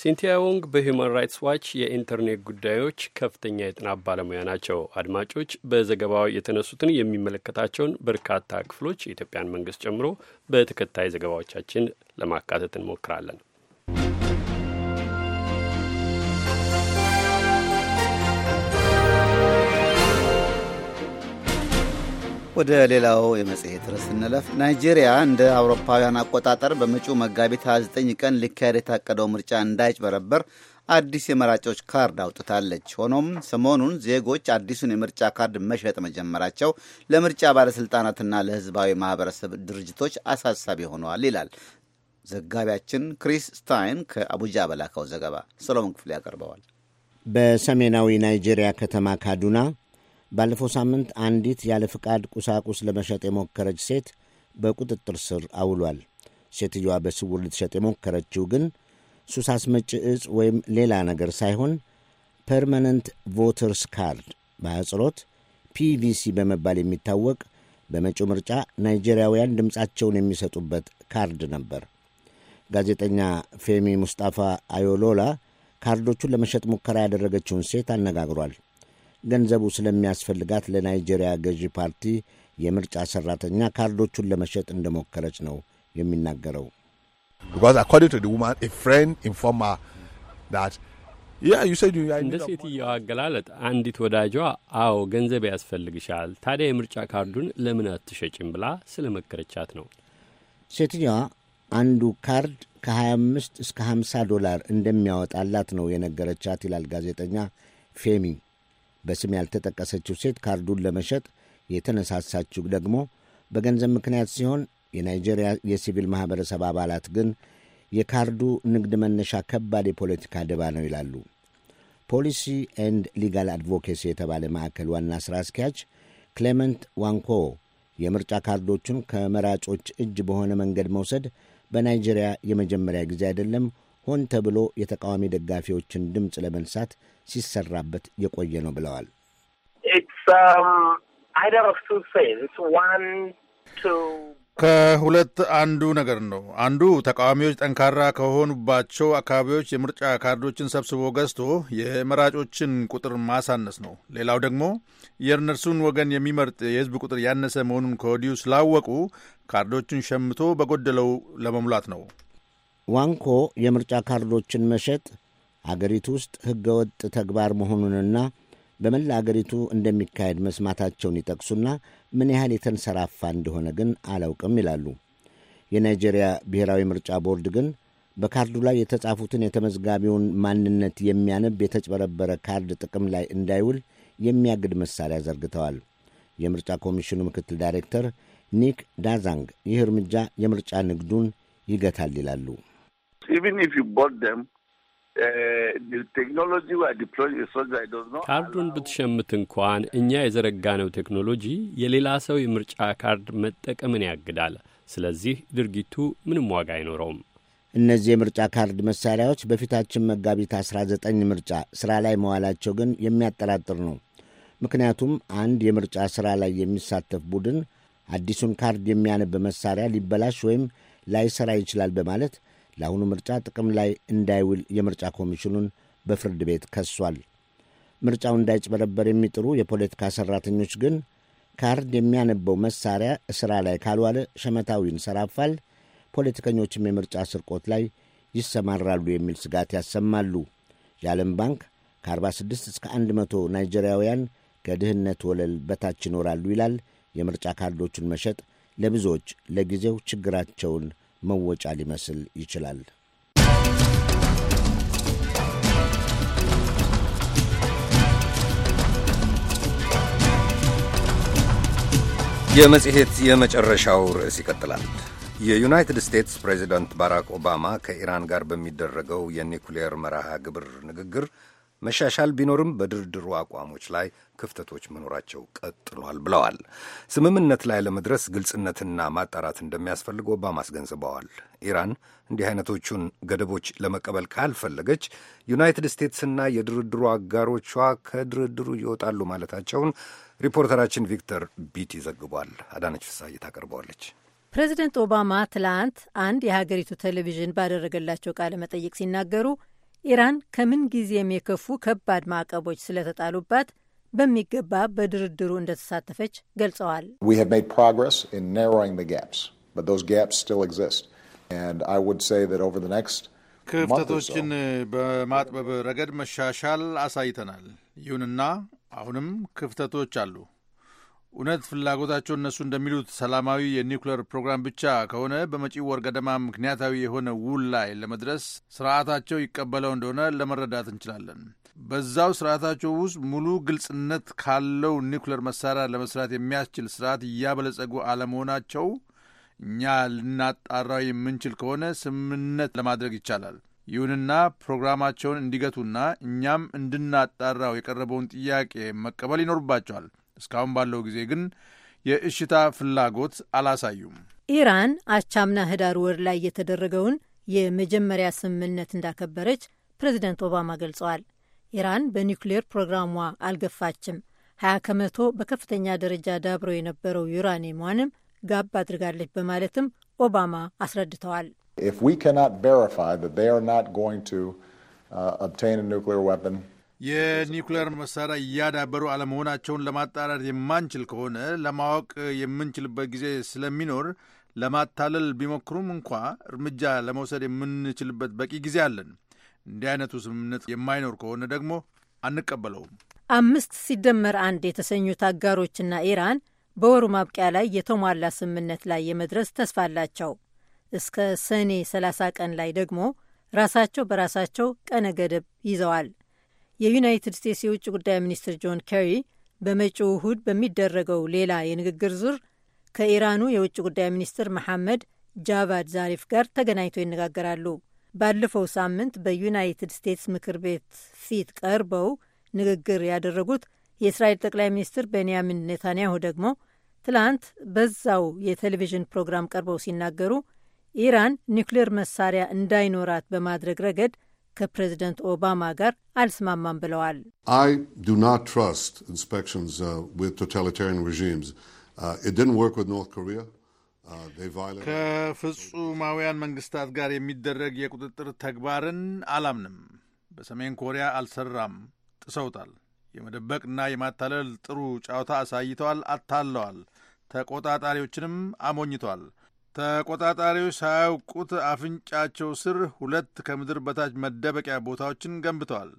[SPEAKER 7] ሲንቲያ ዎንግ በሂውማን ራይትስ ዋች የኢንተርኔት ጉዳዮች ከፍተኛ የጥናት ባለሙያ ናቸው። አድማጮች በዘገባው የተነሱትን የሚመለከታቸውን በርካታ ክፍሎች የኢትዮጵያን መንግስት ጨምሮ በተከታይ ዘገባዎቻችን ለማካተት እንሞክራለን።
[SPEAKER 2] ወደ ሌላው የመጽሔት ርዕስ እንለፍ። ናይጄሪያ እንደ አውሮፓውያን አቆጣጠር በመጪው መጋቢት 29 ቀን ሊካሄድ የታቀደው ምርጫ እንዳይጭበረበር አዲስ የመራጮች ካርድ አውጥታለች። ሆኖም ሰሞኑን ዜጎች አዲሱን የምርጫ ካርድ መሸጥ መጀመራቸው ለምርጫ ባለሥልጣናትና ለሕዝባዊ ማህበረሰብ ድርጅቶች አሳሳቢ ሆነዋል ይላል ዘጋቢያችን ክሪስ ስታይን ከአቡጃ በላካው ዘገባ። ሰሎሞን ክፍሌ ያቀርበዋል።
[SPEAKER 9] በሰሜናዊ ናይጄሪያ ከተማ ካዱና ባለፈው ሳምንት አንዲት ያለ ፍቃድ ቁሳቁስ ለመሸጥ የሞከረች ሴት በቁጥጥር ስር አውሏል። ሴትዮዋ በስውር ልትሸጥ የሞከረችው ግን ሱስ አስመጪ እጽ ወይም ሌላ ነገር ሳይሆን ፐርማነንት ቮተርስ ካርድ በአጽሮት ፒቪሲ በመባል የሚታወቅ በመጪው ምርጫ ናይጄሪያውያን ድምፃቸውን የሚሰጡበት ካርድ ነበር። ጋዜጠኛ ፌሚ ሙስጣፋ አዮሎላ ካርዶቹን ለመሸጥ ሙከራ ያደረገችውን ሴት አነጋግሯል። ገንዘቡ ስለሚያስፈልጋት ለናይጄሪያ ገዢ ፓርቲ የምርጫ ሠራተኛ ካርዶቹን ለመሸጥ እንደሞከረች ነው
[SPEAKER 2] የሚናገረው። እንደ
[SPEAKER 7] ሴትየዋ አገላለጥ አንዲት ወዳጇ አዎ ገንዘብ ያስፈልግሻል፣ ታዲያ የምርጫ ካርዱን ለምን አትሸጭም ብላ ስለ መከረቻት ነው።
[SPEAKER 9] ሴትየዋ አንዱ ካርድ ከ25 እስከ 50 ዶላር እንደሚያወጣላት ነው የነገረቻት ይላል ጋዜጠኛ ፌሚ በስም ያልተጠቀሰችው ሴት ካርዱን ለመሸጥ የተነሳሳችው ደግሞ በገንዘብ ምክንያት ሲሆን የናይጄሪያ የሲቪል ማኅበረሰብ አባላት ግን የካርዱ ንግድ መነሻ ከባድ የፖለቲካ ድባ ነው ይላሉ። ፖሊሲ ኤንድ ሊጋል አድቮኬሲ የተባለ ማዕከል ዋና ሥራ አስኪያጅ ክሌመንት ዋንኮ የምርጫ ካርዶቹን ከመራጮች እጅ በሆነ መንገድ መውሰድ በናይጄሪያ የመጀመሪያ ጊዜ አይደለም፣ ሆን ተብሎ የተቃዋሚ ደጋፊዎችን ድምፅ ለመንሳት ሲሰራበት የቆየ ነው ብለዋል።
[SPEAKER 4] um,
[SPEAKER 10] ከሁለት አንዱ ነገር ነው። አንዱ ተቃዋሚዎች ጠንካራ ከሆኑባቸው አካባቢዎች የምርጫ ካርዶችን ሰብስቦ ገዝቶ የመራጮችን ቁጥር ማሳነስ ነው። ሌላው ደግሞ የእነርሱን ወገን የሚመርጥ የሕዝብ ቁጥር ያነሰ መሆኑን ከወዲሁ ስላወቁ ካርዶችን ሸምቶ በጎደለው ለመሙላት ነው።
[SPEAKER 9] ዋንኮ የምርጫ ካርዶችን መሸጥ አገሪቱ ውስጥ ወጥ ተግባር መሆኑንና በመላ አገሪቱ እንደሚካሄድ መስማታቸውን ይጠቅሱና ምን ያህል የተንሰራፋ እንደሆነ ግን አላውቅም ይላሉ። የናይጄሪያ ብሔራዊ ምርጫ ቦርድ ግን በካርዱ ላይ የተጻፉትን የተመዝጋቢውን ማንነት የሚያነብ የተጭበረበረ ካርድ ጥቅም ላይ እንዳይውል የሚያግድ መሳሪያ ዘርግተዋል። የምርጫ ኮሚሽኑ ምክትል ዳይሬክተር ኒክ ዳዛንግ ይህ እርምጃ የምርጫ ንግዱን ይገታል ይላሉ።
[SPEAKER 7] ካርዱን ብትሸምት እንኳን እኛ የዘረጋነው ቴክኖሎጂ የሌላ ሰው የምርጫ ካርድ መጠቀምን ያግዳል። ስለዚህ ድርጊቱ ምንም ዋጋ አይኖረውም።
[SPEAKER 9] እነዚህ የምርጫ ካርድ መሳሪያዎች በፊታችን መጋቢት 19 ምርጫ ሥራ ላይ መዋላቸው ግን የሚያጠራጥር ነው። ምክንያቱም አንድ የምርጫ ሥራ ላይ የሚሳተፍ ቡድን አዲሱን ካርድ የሚያነብ መሳሪያ ሊበላሽ ወይም ላይሰራ ይችላል በማለት ለአሁኑ ምርጫ ጥቅም ላይ እንዳይውል የምርጫ ኮሚሽኑን በፍርድ ቤት ከሷል። ምርጫው እንዳይጭበረበር የሚጥሩ የፖለቲካ ሠራተኞች ግን ካርድ የሚያነበው መሳሪያ ሥራ ላይ ካልዋለ ሸመታዊን ይንሰራፋል፣ ፖለቲከኞችም የምርጫ ስርቆት ላይ ይሰማራሉ የሚል ስጋት ያሰማሉ። የዓለም ባንክ ከ46 እስከ 100 ናይጄሪያውያን ከድህነት ወለል በታች ይኖራሉ ይላል። የምርጫ ካርዶቹን መሸጥ ለብዙዎች ለጊዜው ችግራቸውን መወጫ ሊመስል ይችላል።
[SPEAKER 1] የመጽሔት የመጨረሻው ርዕስ ይቀጥላል። የዩናይትድ ስቴትስ ፕሬዚደንት ባራክ ኦባማ ከኢራን ጋር በሚደረገው የኒኩሌየር መርሃ ግብር ንግግር መሻሻል ቢኖርም በድርድሩ አቋሞች ላይ ክፍተቶች መኖራቸው ቀጥሏል ብለዋል። ስምምነት ላይ ለመድረስ ግልጽነትና ማጣራት እንደሚያስፈልግ ኦባማ አስገንዝበዋል። ኢራን እንዲህ አይነቶቹን ገደቦች ለመቀበል ካልፈለገች ዩናይትድ ስቴትስና የድርድሩ አጋሮቿ ከድርድሩ ይወጣሉ ማለታቸውን ሪፖርተራችን ቪክተር ቢቲ ዘግቧል። አዳነች ፍሳይ ታቀርበዋለች።
[SPEAKER 8] ፕሬዚደንት ኦባማ ትላንት አንድ የሀገሪቱ ቴሌቪዥን ባደረገላቸው ቃለ መጠይቅ ሲናገሩ ኢራን ከምን ጊዜም የከፉ ከባድ ማዕቀቦች ስለተጣሉባት በሚገባ በድርድሩ እንደተሳተፈች ገልጸዋል።
[SPEAKER 2] ክፍተቶችን
[SPEAKER 10] በማጥበብ ረገድ መሻሻል አሳይተናል። ይሁንና አሁንም ክፍተቶች አሉ። እውነት ፍላጎታቸው እነሱ እንደሚሉት ሰላማዊ የኒውክሌር ፕሮግራም ብቻ ከሆነ በመጪው ወር ገደማ ምክንያታዊ የሆነ ውል ላይ ለመድረስ ስርዓታቸው ይቀበለው እንደሆነ ለመረዳት እንችላለን። በዛው ስርዓታቸው ውስጥ ሙሉ ግልጽነት ካለው ኒውክሌር መሳሪያ ለመስራት የሚያስችል ስርዓት እያበለጸጉ አለመሆናቸው እኛ ልናጣራው የምንችል ከሆነ ስምምነት ለማድረግ ይቻላል። ይሁንና ፕሮግራማቸውን እንዲገቱና እኛም እንድናጣራው የቀረበውን ጥያቄ መቀበል ይኖርባቸዋል። እስካሁን ባለው ጊዜ ግን የእሽታ ፍላጎት አላሳዩም።
[SPEAKER 8] ኢራን አቻምና ህዳር ወር ላይ የተደረገውን የመጀመሪያ ስምምነት እንዳከበረች ፕሬዚደንት ኦባማ ገልጸዋል። ኢራን በኒውክሌር ፕሮግራሟ አልገፋችም፣ 20 ከመቶ በከፍተኛ ደረጃ ዳብሮ የነበረው ዩራኒየሟንም ጋብ አድርጋለች በማለትም ኦባማ አስረድተዋል።
[SPEAKER 2] ኢፍ ዊ ካናት ቬሪፋይ ዛት ዜይ አር ናት ጎይንግ ቱ ኦብቴይን አ ኒውክሌር
[SPEAKER 10] የኒውክሌር መሳሪያ እያዳበሩ አለመሆናቸውን ለማጣራት የማንችል ከሆነ ለማወቅ የምንችልበት ጊዜ ስለሚኖር ለማታለል ቢሞክሩም እንኳ እርምጃ ለመውሰድ የምንችልበት በቂ ጊዜ አለን። እንዲህ አይነቱ ስምምነት የማይኖር ከሆነ ደግሞ አንቀበለውም።
[SPEAKER 8] አምስት ሲደመር አንድ የተሰኙት አጋሮችና ኢራን በወሩ ማብቂያ ላይ የተሟላ ስምምነት ላይ የመድረስ ተስፋ አላቸው። እስከ ሰኔ 30 ቀን ላይ ደግሞ ራሳቸው በራሳቸው ቀነ ገደብ ይዘዋል። የዩናይትድ ስቴትስ የውጭ ጉዳይ ሚኒስትር ጆን ኬሪ በመጪው እሁድ በሚደረገው ሌላ የንግግር ዙር ከኢራኑ የውጭ ጉዳይ ሚኒስትር መሐመድ ጃቫድ ዛሪፍ ጋር ተገናኝተው ይነጋገራሉ። ባለፈው ሳምንት በዩናይትድ ስቴትስ ምክር ቤት ፊት ቀርበው ንግግር ያደረጉት የእስራኤል ጠቅላይ ሚኒስትር ቤንያሚን ኔታንያሁ ደግሞ ትላንት በዛው የቴሌቪዥን ፕሮግራም ቀርበው ሲናገሩ ኢራን ኒውክሌር መሳሪያ እንዳይኖራት በማድረግ ረገድ ከፕሬዝደንት ኦባማ ጋር አልስማማም ብለዋል።
[SPEAKER 11] uh, uh, uh,
[SPEAKER 10] ከፍጹማውያን መንግስታት ጋር የሚደረግ የቁጥጥር ተግባርን አላምንም። በሰሜን ኮሪያ አልሰራም፣ ጥሰውታል። የመደበቅና የማታለል ጥሩ ጨዋታ አሳይተዋል፣ አታለዋል። ተቆጣጣሪዎችንም አሞኝተዋል። ተቆጣጣሪዎች ሳያውቁት አፍንጫቸው ስር ሁለት ከምድር በታች መደበቂያ ቦታዎችን ገንብተዋል።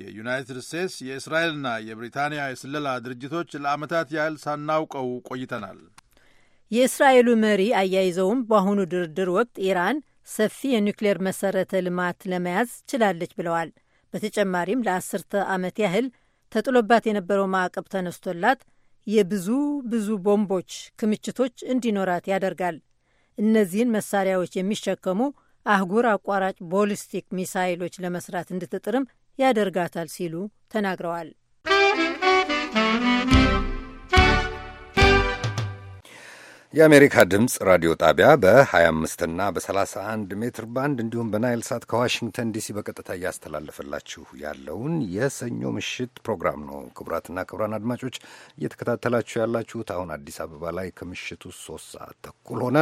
[SPEAKER 10] የዩናይትድ ስቴትስ የእስራኤልና የብሪታንያ የስለላ ድርጅቶች ለዓመታት ያህል ሳናውቀው ቆይተናል።
[SPEAKER 8] የእስራኤሉ መሪ አያይዘውም በአሁኑ ድርድር ወቅት ኢራን ሰፊ የኒውክሌር መሰረተ ልማት ለመያዝ ችላለች ብለዋል። በተጨማሪም ለአስርተ ዓመት ያህል ተጥሎባት የነበረው ማዕቀብ ተነስቶላት የብዙ ብዙ ቦምቦች ክምችቶች እንዲኖራት ያደርጋል። እነዚህን መሳሪያዎች የሚሸከሙ አህጉር አቋራጭ ቦሊስቲክ ሚሳይሎች ለመስራት እንድትጥርም ያደርጋታል ሲሉ ተናግረዋል።
[SPEAKER 1] የአሜሪካ ድምፅ ራዲዮ ጣቢያ በ25 እና በ31 ሜትር ባንድ እንዲሁም በናይል ሳት ከዋሽንግተን ዲሲ በቀጥታ እያስተላለፈላችሁ ያለውን የሰኞ ምሽት ፕሮግራም ነው። ክቡራትና ክቡራን አድማጮች እየተከታተላችሁ ያላችሁት አሁን አዲስ አበባ ላይ ከምሽቱ ሶስት ሰዓት ተኩል ሆነ።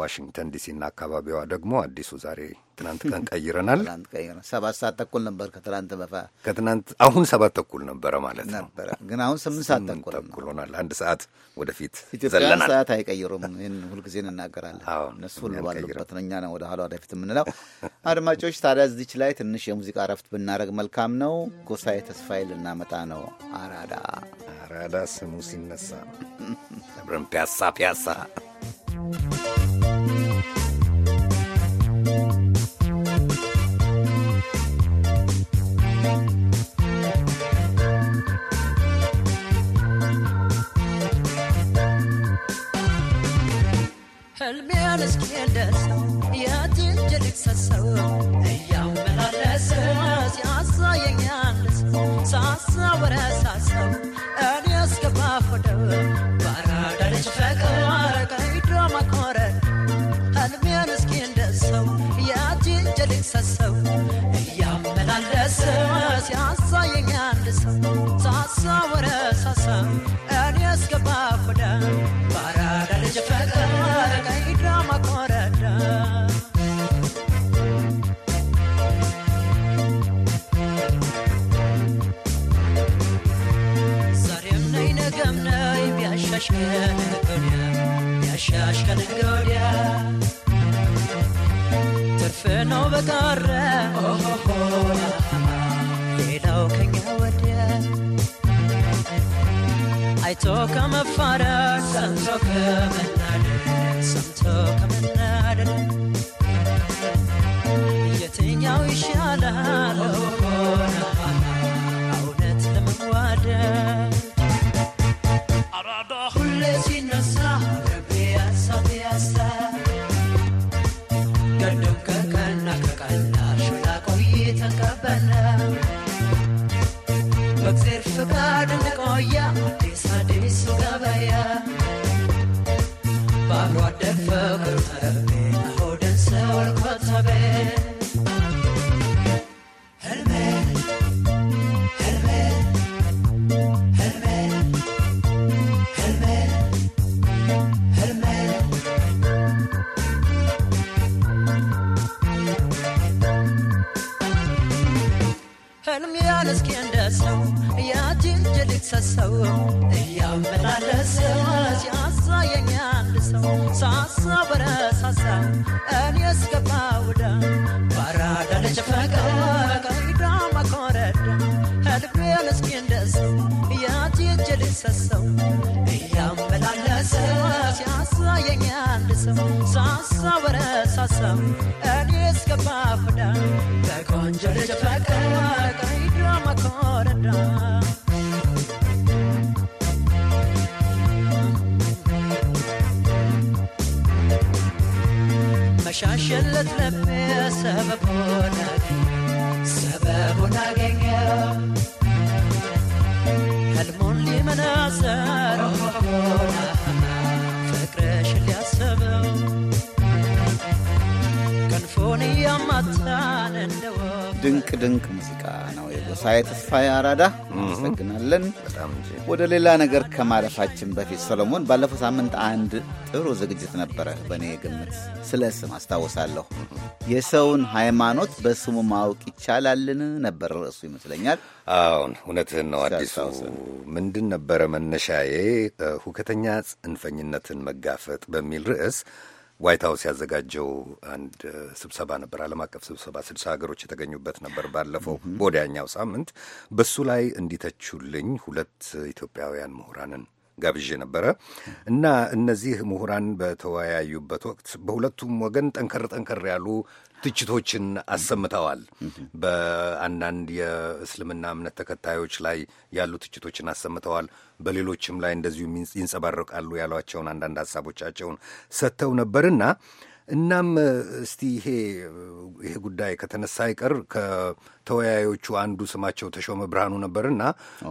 [SPEAKER 1] ዋሽንግተን ዲሲና አካባቢዋ ደግሞ አዲሱ ዛሬ ትናንት ቀን ቀይረናል። ሰባት ሰዓት ተኩል ነበር ከትናንት በፋ ከትናንት አሁን ሰባት ተኩል ነበረ ማለት ነው።
[SPEAKER 2] ግን አሁን ስምንት ሰዓት ተኩል ተኩል ሆናል። አንድ ሰዓት ወደፊት ዘለናል። ሰዓት አይቀይሩም። ይህን ሁልጊዜ እንናገራለን። እነሱ ሁሉ ባሉበት ነው፣ እኛ ነው ወደ ኋላ ወደፊት የምንለው። አድማጮች ታዲያ እዚች ላይ ትንሽ የሙዚቃ እረፍት ብናደረግ መልካም ነው። ጎሳዬ ተስፋዬ ልናመጣ ነው። አራዳ አራዳ ስሙ ሲነሳ
[SPEAKER 1] ብረን ፒያሳ ፒያሳ
[SPEAKER 12] what
[SPEAKER 2] ጎሳዬ ተስፋዬ አራዳ እናመሰግናለን። ወደ ሌላ ነገር ከማለፋችን በፊት ሰሎሞን፣ ባለፈው ሳምንት አንድ ጥሩ ዝግጅት ነበረ። በእኔ ግምት ስለ ስም አስታውሳለሁ። የሰውን ሃይማኖት በስሙ ማወቅ ይቻላልን ነበር ርዕሱ
[SPEAKER 1] ይመስለኛል። አሁን እውነትህን ነው አዲሱ። ምንድን ነበረ መነሻዬ? ሁከተኛ ጽንፈኝነትን መጋፈጥ በሚል ርዕስ ዋይት ሀውስ ያዘጋጀው አንድ ስብሰባ ነበር፣ ዓለም አቀፍ ስብሰባ ስልሳ ሀገሮች የተገኙበት ነበር ባለፈው በወዲያኛው ሳምንት። በሱ ላይ እንዲተቹልኝ ሁለት ኢትዮጵያውያን ምሁራንን ጋብዤ ነበረ እና እነዚህ ምሁራን በተወያዩበት ወቅት በሁለቱም ወገን ጠንከር ጠንከር ያሉ ትችቶችን አሰምተዋል። በአንዳንድ የእስልምና እምነት ተከታዮች ላይ ያሉ ትችቶችን አሰምተዋል። በሌሎችም ላይ እንደዚሁ ይንጸባረቃሉ ያሏቸውን አንዳንድ ሀሳቦቻቸውን ሰጥተው ነበርና እናም እስቲ ይሄ ይሄ ጉዳይ ከተነሳ ይቀር ከተወያዮቹ አንዱ ስማቸው ተሾመ ብርሃኑ ነበርና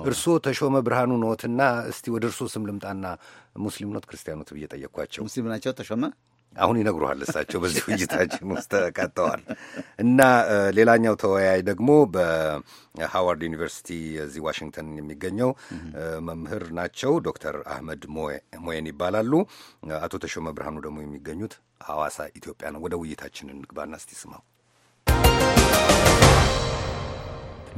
[SPEAKER 1] እርስዎ ተሾመ ብርሃኑ ኖትና እስቲ ወደ እርስዎ ስም ልምጣና ሙስሊም ኖት ክርስቲያኖት ብዬ ጠየቅኳቸው። ሙስሊም ናቸው ተሾመ አሁን ይነግሩሃል። እሳቸው በዚህ ውይይታችን ውስጥ ተካተዋል። እና ሌላኛው ተወያይ ደግሞ በሃዋርድ ዩኒቨርሲቲ እዚህ ዋሽንግተን የሚገኘው መምህር ናቸው። ዶክተር አህመድ ሞየን ይባላሉ። አቶ ተሾመ ብርሃኑ ደግሞ የሚገኙት ሐዋሳ ኢትዮጵያ ነው። ወደ ውይይታችን እንግባና እስቲ ስማው።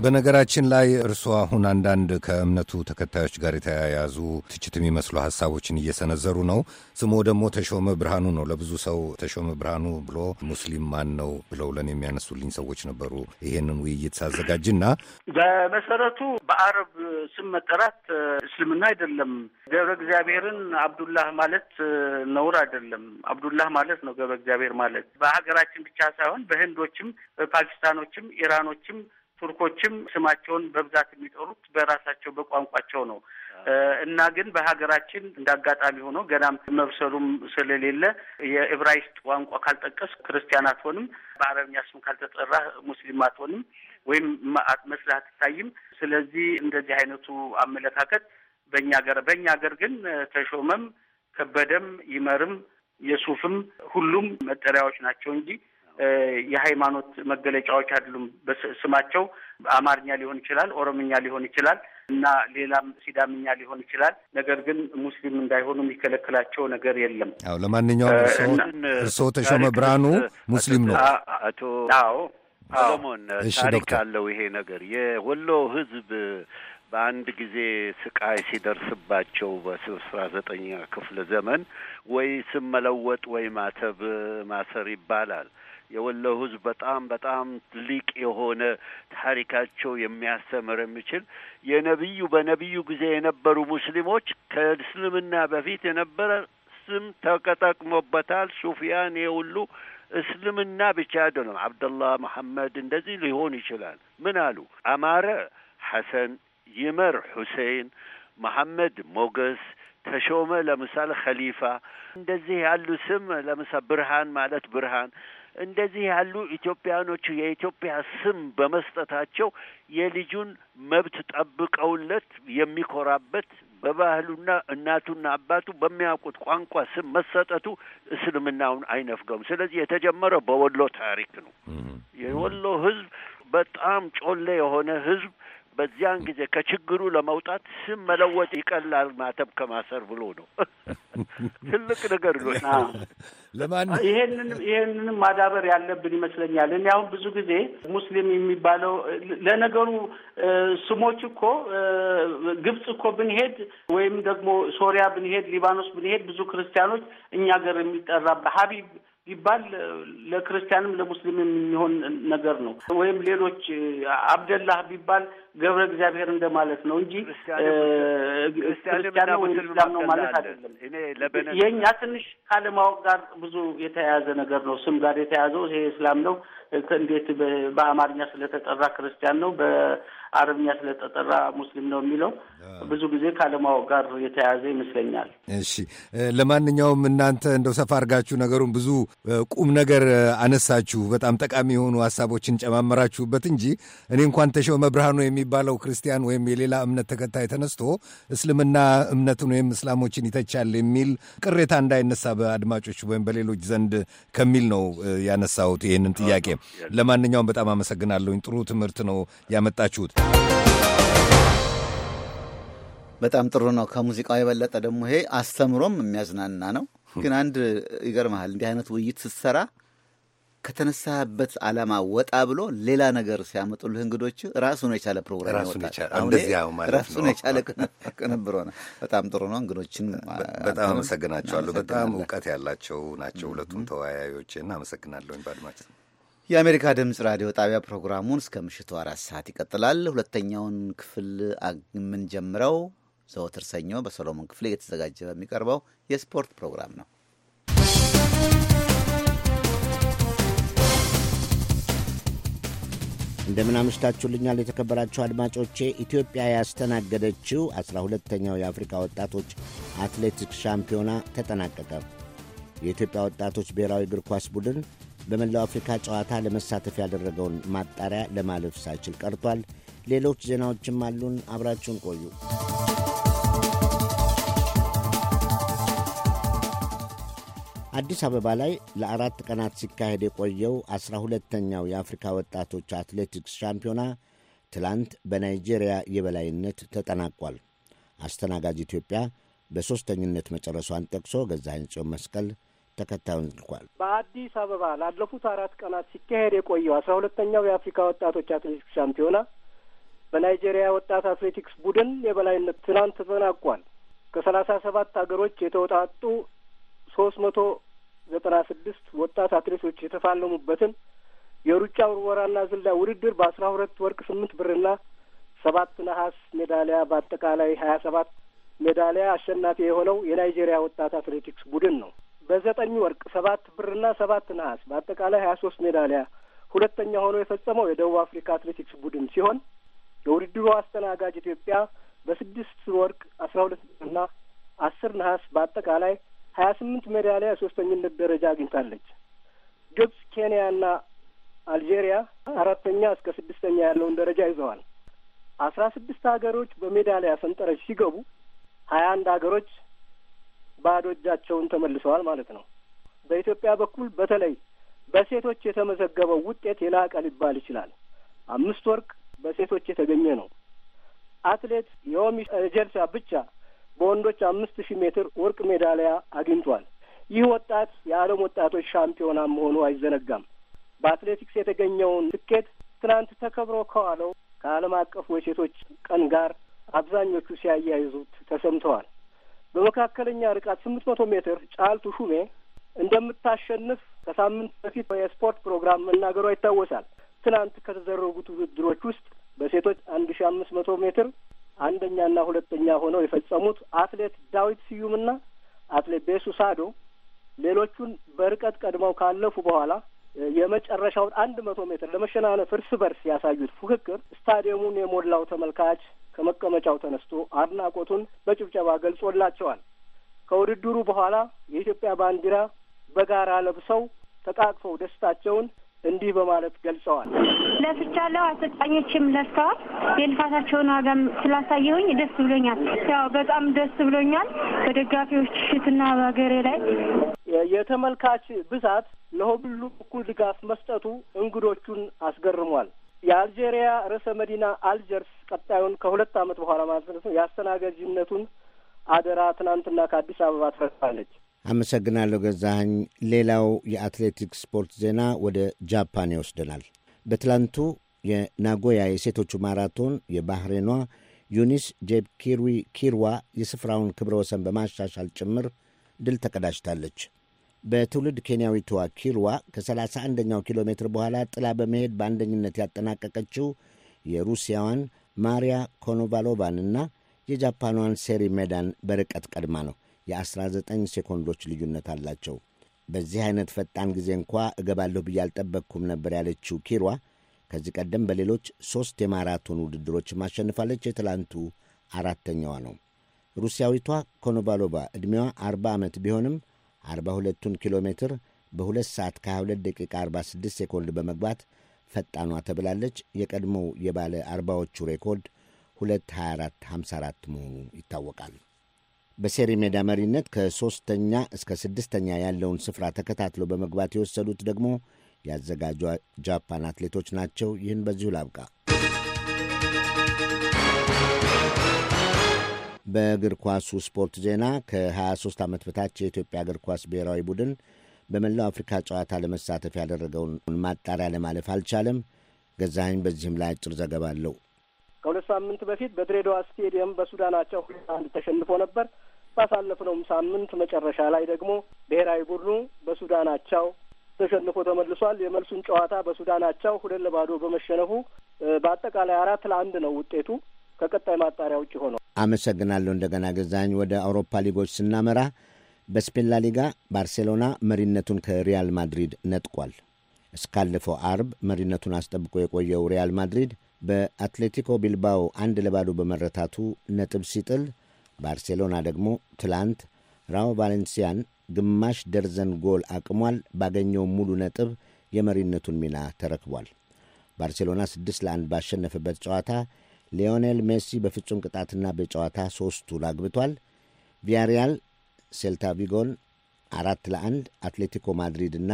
[SPEAKER 1] በነገራችን ላይ እርስዎ አሁን አንዳንድ ከእምነቱ ተከታዮች ጋር የተያያዙ ትችት የሚመስሉ ሀሳቦችን እየሰነዘሩ ነው። ስሞ ደግሞ ተሾመ ብርሃኑ ነው። ለብዙ ሰው ተሾመ ብርሃኑ ብሎ ሙስሊም ማን ነው ብለው ለእኔ የሚያነሱልኝ ሰዎች ነበሩ። ይሄንን ውይይት ሳዘጋጅና
[SPEAKER 4] በመሰረቱ በአረብ ስም መጠራት እስልምና አይደለም። ገብረ እግዚአብሔርን አብዱላህ ማለት ነውር አይደለም። አብዱላህ ማለት ነው ገብረ እግዚአብሔር ማለት በሀገራችን ብቻ ሳይሆን በህንዶችም፣ በፓኪስታኖችም፣ ኢራኖችም ቱርኮችም ስማቸውን በብዛት የሚጠሩት በራሳቸው በቋንቋቸው ነው እና ግን በሀገራችን እንደ አጋጣሚ ሆኖ ገናም መብሰሉም ስለሌለ የኤብራይስት ቋንቋ ካልጠቀስ ክርስቲያን አትሆንም፣ በአረብኛ ስም ካልተጠራ ሙስሊም አትሆንም ወይም መስለህ አትታይም። ስለዚህ እንደዚህ አይነቱ አመለካከት በእኛ ሀገር በእኛ ሀገር ግን ተሾመም፣ ከበደም፣ ይመርም፣ የሱፍም ሁሉም መጠሪያዎች ናቸው እንጂ የሃይማኖት መገለጫዎች አይደሉም። ስማቸው አማርኛ ሊሆን ይችላል፣ ኦሮምኛ ሊሆን ይችላል እና ሌላም ሲዳምኛ ሊሆን ይችላል። ነገር ግን ሙስሊም እንዳይሆኑ የሚከለክላቸው ነገር የለም።
[SPEAKER 1] አዎ፣ ለማንኛውም እርስዎ ተሾመ ብርሃኑ ሙስሊም ነው?
[SPEAKER 4] አቶ አዎ። ሰሎሞን ታሪክ አለው ይሄ ነገር
[SPEAKER 11] የወሎ ህዝብ በአንድ ጊዜ ስቃይ ሲደርስባቸው በአስራ ዘጠኛ ክፍለ ዘመን ወይ ስም መለወጥ ወይ ማተብ ማሰር ይባላል። የወሎ ህዝብ በጣም በጣም ትልቅ የሆነ ታሪካቸው የሚያስተምር የሚችል የነቢዩ በነቢዩ ጊዜ የነበሩ ሙስሊሞች ከእስልምና በፊት የነበረ ስም ተቀጠቅሞበታል። ሱፊያን የውሉ እስልምና ብቻ አይደለም። አብደላህ መሐመድ እንደዚህ ሊሆን ይችላል። ምን አሉ? አማረ ሐሰን፣ ይመር ሁሴን፣ መሐመድ ሞገስ፣ ተሾመ ለምሳሌ ኸሊፋ እንደዚህ ያሉ ስም ለምሳሌ ብርሃን ማለት ብርሃን እንደዚህ ያሉ ኢትዮጵያኖቹ የኢትዮጵያ ስም በመስጠታቸው የልጁን መብት ጠብቀውለት የሚኮራበት በባህሉና እናቱና አባቱ በሚያውቁት ቋንቋ ስም መሰጠቱ እስልምናውን አይነፍገውም። ስለዚህ የተጀመረው በወሎ ታሪክ ነው። የወሎ ህዝብ በጣም ጮሌ የሆነ ህዝብ። በዚያን ጊዜ ከችግሩ ለመውጣት ስም መለወጥ ይቀላል ማተብ ከማሰር ብሎ
[SPEAKER 4] ነው። ትልቅ ነገር ነው። ይሄንን ይሄንንም ማዳበር ያለብን ይመስለኛል። እኔ አሁን ብዙ ጊዜ ሙስሊም የሚባለው ለነገሩ ስሞች እኮ ግብጽ እኮ ብንሄድ ወይም ደግሞ ሶሪያ ብንሄድ፣ ሊባኖስ ብንሄድ ብዙ ክርስቲያኖች እኛ ገር የሚጠራ ሀቢብ ቢባል ለክርስቲያንም ለሙስሊምም የሚሆን ነገር ነው። ወይም ሌሎች አብደላህ ቢባል ገብረ እግዚአብሔር እንደማለት ነው እንጂ ክርስቲያን ነው ነው ማለት አይደለም። የእኛ ትንሽ ካለማወቅ ጋር ብዙ የተያያዘ ነገር ነው። ስም ጋር የተያያዘው ይሄ እስላም ነው እንዴት በአማርኛ ስለተጠራ ክርስቲያን ነው፣ በአረብኛ ስለተጠራ ሙስሊም ነው የሚለው ብዙ ጊዜ ካለማወቅ ጋር የተያያዘ ይመስለኛል።
[SPEAKER 1] እሺ፣ ለማንኛውም እናንተ እንደው ሰፋ አድርጋችሁ ነገሩን ብዙ ቁም ነገር አነሳችሁ፣ በጣም ጠቃሚ የሆኑ ሀሳቦችን ጨማመራችሁበት እንጂ እኔ እንኳን ተሾመ ብርሃኑ የሚ የሚባለው ክርስቲያን ወይም የሌላ እምነት ተከታይ ተነስቶ እስልምና እምነትን ወይም እስላሞችን ይተቻል የሚል ቅሬታ እንዳይነሳ በአድማጮች ወይም በሌሎች ዘንድ ከሚል ነው ያነሳሁት ይህንን ጥያቄ። ለማንኛውም በጣም አመሰግናለሁኝ። ጥሩ ትምህርት ነው ያመጣችሁት።
[SPEAKER 2] በጣም ጥሩ ነው። ከሙዚቃው የበለጠ ደግሞ ይሄ አስተምሮም የሚያዝናና ነው። ግን አንድ ይገርመሃል እንዲህ አይነት ውይይት ስትሰራ ከተነሳበት ዓላማ ወጣ ብሎ ሌላ ነገር ሲያመጡልህ እንግዶች ራሱን የቻለ
[SPEAKER 1] ፕሮግራም ራሱን የቻለ ቅንብር ነው። በጣም ጥሩ ነው። እንግዶችን በጣም አመሰግናቸዋለሁ። በጣም እውቀት ያላቸው ናቸው ሁለቱም ተወያዮች እና አመሰግናለሁኝ። በአድማጭ
[SPEAKER 2] የአሜሪካ ድምፅ ራዲዮ ጣቢያ ፕሮግራሙን እስከ ምሽቱ አራት ሰዓት ይቀጥላል። ሁለተኛውን ክፍል የምንጀምረው ዘወትር ሰኞ በሰሎሞን ክፍል እየተዘጋጀ በሚቀርበው የስፖርት ፕሮግራም ነው።
[SPEAKER 9] እንደምን አምሽታችሁልኛል የተከበራችሁ አድማጮቼ። ኢትዮጵያ ያስተናገደችው አስራ ሁለተኛው የአፍሪካ ወጣቶች አትሌቲክስ ሻምፒዮና ተጠናቀቀ። የኢትዮጵያ ወጣቶች ብሔራዊ እግር ኳስ ቡድን በመላው አፍሪካ ጨዋታ ለመሳተፍ ያደረገውን ማጣሪያ ለማለፍ ሳይችል ቀርቷል። ሌሎች ዜናዎችም አሉን። አብራችሁን ቆዩ። አዲስ አበባ ላይ ለአራት ቀናት ሲካሄድ የቆየው ዐሥራ ሁለተኛው የአፍሪካ ወጣቶች አትሌቲክስ ሻምፒዮና ትላንት በናይጄሪያ የበላይነት ተጠናቋል። አስተናጋጅ ኢትዮጵያ በሦስተኝነት መጨረሷን ጠቅሶ ገዛኸኝ ጽዮን መስቀል ተከታዩን ልኳል።
[SPEAKER 13] በአዲስ አበባ ላለፉት አራት ቀናት ሲካሄድ የቆየው አስራ ሁለተኛው የአፍሪካ ወጣቶች አትሌቲክስ ሻምፒዮና በናይጄሪያ ወጣት አትሌቲክስ ቡድን የበላይነት ትናንት ተጠናቋል። ከሰላሳ ሰባት አገሮች የተውጣጡ ሶስት መቶ ዘጠና ስድስት ወጣት አትሌቶች የተፋለሙበትን የሩጫ ውርወራና ዝላ ውድድር በአስራ ሁለት ወርቅ ስምንት ብርና ሰባት ነሐስ ሜዳሊያ በአጠቃላይ ሀያ ሰባት ሜዳሊያ አሸናፊ የሆነው የናይጄሪያ ወጣት አትሌቲክስ ቡድን ነው። በዘጠኝ ወርቅ ሰባት ብርና ሰባት ነሐስ በአጠቃላይ ሀያ ሶስት ሜዳሊያ ሁለተኛ ሆኖ የፈጸመው የደቡብ አፍሪካ አትሌቲክስ ቡድን ሲሆን የውድድሩ አስተናጋጅ ኢትዮጵያ በስድስት ወርቅ አስራ ሁለት ብርና አስር ነሐስ በአጠቃላይ ሀያ ስምንት ሜዳሊያ ሶስተኝነት ደረጃ አግኝታለች። ግብጽ፣ ና አልጄሪያ አራተኛ እስከ ስድስተኛ ያለውን ደረጃ ይዘዋል። አስራ ስድስት ሀገሮች በሜዳሊያ ሰንጠረዥ ሲገቡ ሀያ አንድ ሀገሮች ባዶ እጃቸውን ተመልሰዋል ማለት ነው። በኢትዮጵያ በኩል በተለይ በሴቶች የተመዘገበው ውጤት የላቀ ሊባል ይችላል። አምስት ወርቅ በሴቶች የተገኘ ነው። አትሌት የኦሚ ጀልሳ ብቻ በወንዶች አምስት ሺህ ሜትር ወርቅ ሜዳሊያ አግኝቷል። ይህ ወጣት የዓለም ወጣቶች ሻምፒዮና መሆኑ አይዘነጋም። በአትሌቲክስ የተገኘውን ስኬት ትናንት ተከብሮ ከዋለው ከዓለም አቀፉ የሴቶች ቀን ጋር አብዛኞቹ ሲያያይዙት ተሰምተዋል። በመካከለኛ ርቀት ስምንት መቶ ሜትር ጫልቱ ሹሜ እንደምታሸንፍ ከሳምንት በፊት የስፖርት ፕሮግራም መናገሯ ይታወሳል። ትናንት ከተደረጉት ውድድሮች ውስጥ በሴቶች አንድ ሺ አምስት መቶ ሜትር አንደኛና ሁለተኛ ሆነው የፈጸሙት አትሌት ዳዊት ስዩምና አትሌት ቤሱ ሳዶ ሌሎቹን በርቀት ቀድመው ካለፉ በኋላ የመጨረሻውን አንድ መቶ ሜትር ለመሸናነፍ እርስ በርስ ያሳዩት ፉክክር ስታዲየሙን የሞላው ተመልካች ከመቀመጫው ተነስቶ አድናቆቱን በጭብጨባ ገልጾላቸዋል። ከውድድሩ በኋላ የኢትዮጵያ ባንዲራ በጋራ ለብሰው ተቃቅፈው ደስታቸውን እንዲህ በማለት ገልጸዋል።
[SPEAKER 8] ለፍቻለሁ፣ አሰልጣኞችም ለፍተዋል። የልፋታቸውን ዋጋም ስላሳየሁኝ ደስ ብሎኛል። ያው በጣም ደስ ብሎኛል። በደጋፊዎች ሽትና በሀገሬ ላይ
[SPEAKER 13] የተመልካች ብዛት ለሁሉ እኩል ድጋፍ መስጠቱ እንግዶቹን አስገርሟል። የአልጄሪያ ርዕሰ መዲና አልጀርስ ቀጣዩን ከሁለት ዓመት በኋላ ማለት ነው ያስተናጋጅነቱን አደራ ትናንትና ከአዲስ አበባ ትረክባለች።
[SPEAKER 9] አመሰግናለሁ ገዛኸኝ። ሌላው የአትሌቲክስ ስፖርት ዜና ወደ ጃፓን ይወስደናል። በትላንቱ የናጎያ የሴቶቹ ማራቶን የባህሬኗ ዩኒስ ኪርዊ ኪርዋ የስፍራውን ክብረ ወሰን በማሻሻል ጭምር ድል ተቀዳጅታለች። በትውልድ ኬንያዊቷ ኪርዋ ከ31ኛው ኪሎ ሜትር በኋላ ጥላ በመሄድ በአንደኝነት ያጠናቀቀችው የሩሲያዋን ማሪያ ኮኖቫሎቫን እና የጃፓኗን ሴሪ ሜዳን በርቀት ቀድማ ነው። የ19 ሴኮንዶች ልዩነት አላቸው። በዚህ አይነት ፈጣን ጊዜ እንኳ እገባለሁ ብዬ አልጠበቅኩም ነበር ያለችው ኪሯ ከዚህ ቀደም በሌሎች ሦስት የማራቶን ውድድሮች ማሸንፋለች። የትላንቱ አራተኛዋ ነው። ሩሲያዊቷ ኮኖቫሎቫ ዕድሜዋ 40 ዓመት ቢሆንም 42ቱን ኪሎ ሜትር በ2 ሰዓት ከ22 ደቂቃ 46 ሴኮንድ በመግባት ፈጣኗ ተብላለች። የቀድሞው የባለ አርባዎቹ ሬኮርድ 22454 መሆኑ ይታወቃል። በሴሪ ሜዳ መሪነት ከሦስተኛ እስከ ስድስተኛ ያለውን ስፍራ ተከታትሎ በመግባት የወሰዱት ደግሞ ያዘጋጇ ጃፓን አትሌቶች ናቸው። ይህን በዚሁ ላብቃ። በእግር ኳሱ ስፖርት ዜና ከ23 ዓመት በታች የኢትዮጵያ እግር ኳስ ብሔራዊ ቡድን በመላው አፍሪካ ጨዋታ ለመሳተፍ ያደረገውን ማጣሪያ ለማለፍ አልቻለም። ገዛኸኝ በዚህም ላይ አጭር ዘገባ አለው።
[SPEAKER 13] ከሁለት ሳምንት በፊት በድሬዳዋ ስቴዲየም በሱዳናቸው ሁለት አንድ ተሸንፎ ነበር። ባሳለፍነውም ሳምንት መጨረሻ ላይ ደግሞ ብሔራዊ ቡድኑ በሱዳን አቻው ተሸንፎ ተመልሷል። የመልሱን ጨዋታ በሱዳን አቻው ሁለት ለባዶ በመሸነፉ በአጠቃላይ አራት ለአንድ ነው ውጤቱ ከቀጣይ ማጣሪያ ውጭ ሆነው።
[SPEAKER 9] አመሰግናለሁ። እንደገና ገዛኝ። ወደ አውሮፓ ሊጎች ስናመራ በስፔን ላሊጋ ባርሴሎና መሪነቱን ከሪያል ማድሪድ ነጥቋል። እስካለፈው አርብ መሪነቱን አስጠብቆ የቆየው ሪያል ማድሪድ በአትሌቲኮ ቢልባኦ አንድ ለባዶ በመረታቱ ነጥብ ሲጥል ባርሴሎና ደግሞ ትላንት ራው ቫሌንሲያን ግማሽ ደርዘን ጎል አቅሟል። ባገኘው ሙሉ ነጥብ የመሪነቱን ሚና ተረክቧል። ባርሴሎና 6 ለ1 ባሸነፈበት ጨዋታ ሊዮኔል ሜሲ በፍጹም ቅጣትና በጨዋታ ሦስቱን አግብቷል። ቪያሪያል ሴልታ ቪጎን አራት ለአንድ፣ አትሌቲኮ ማድሪድ እና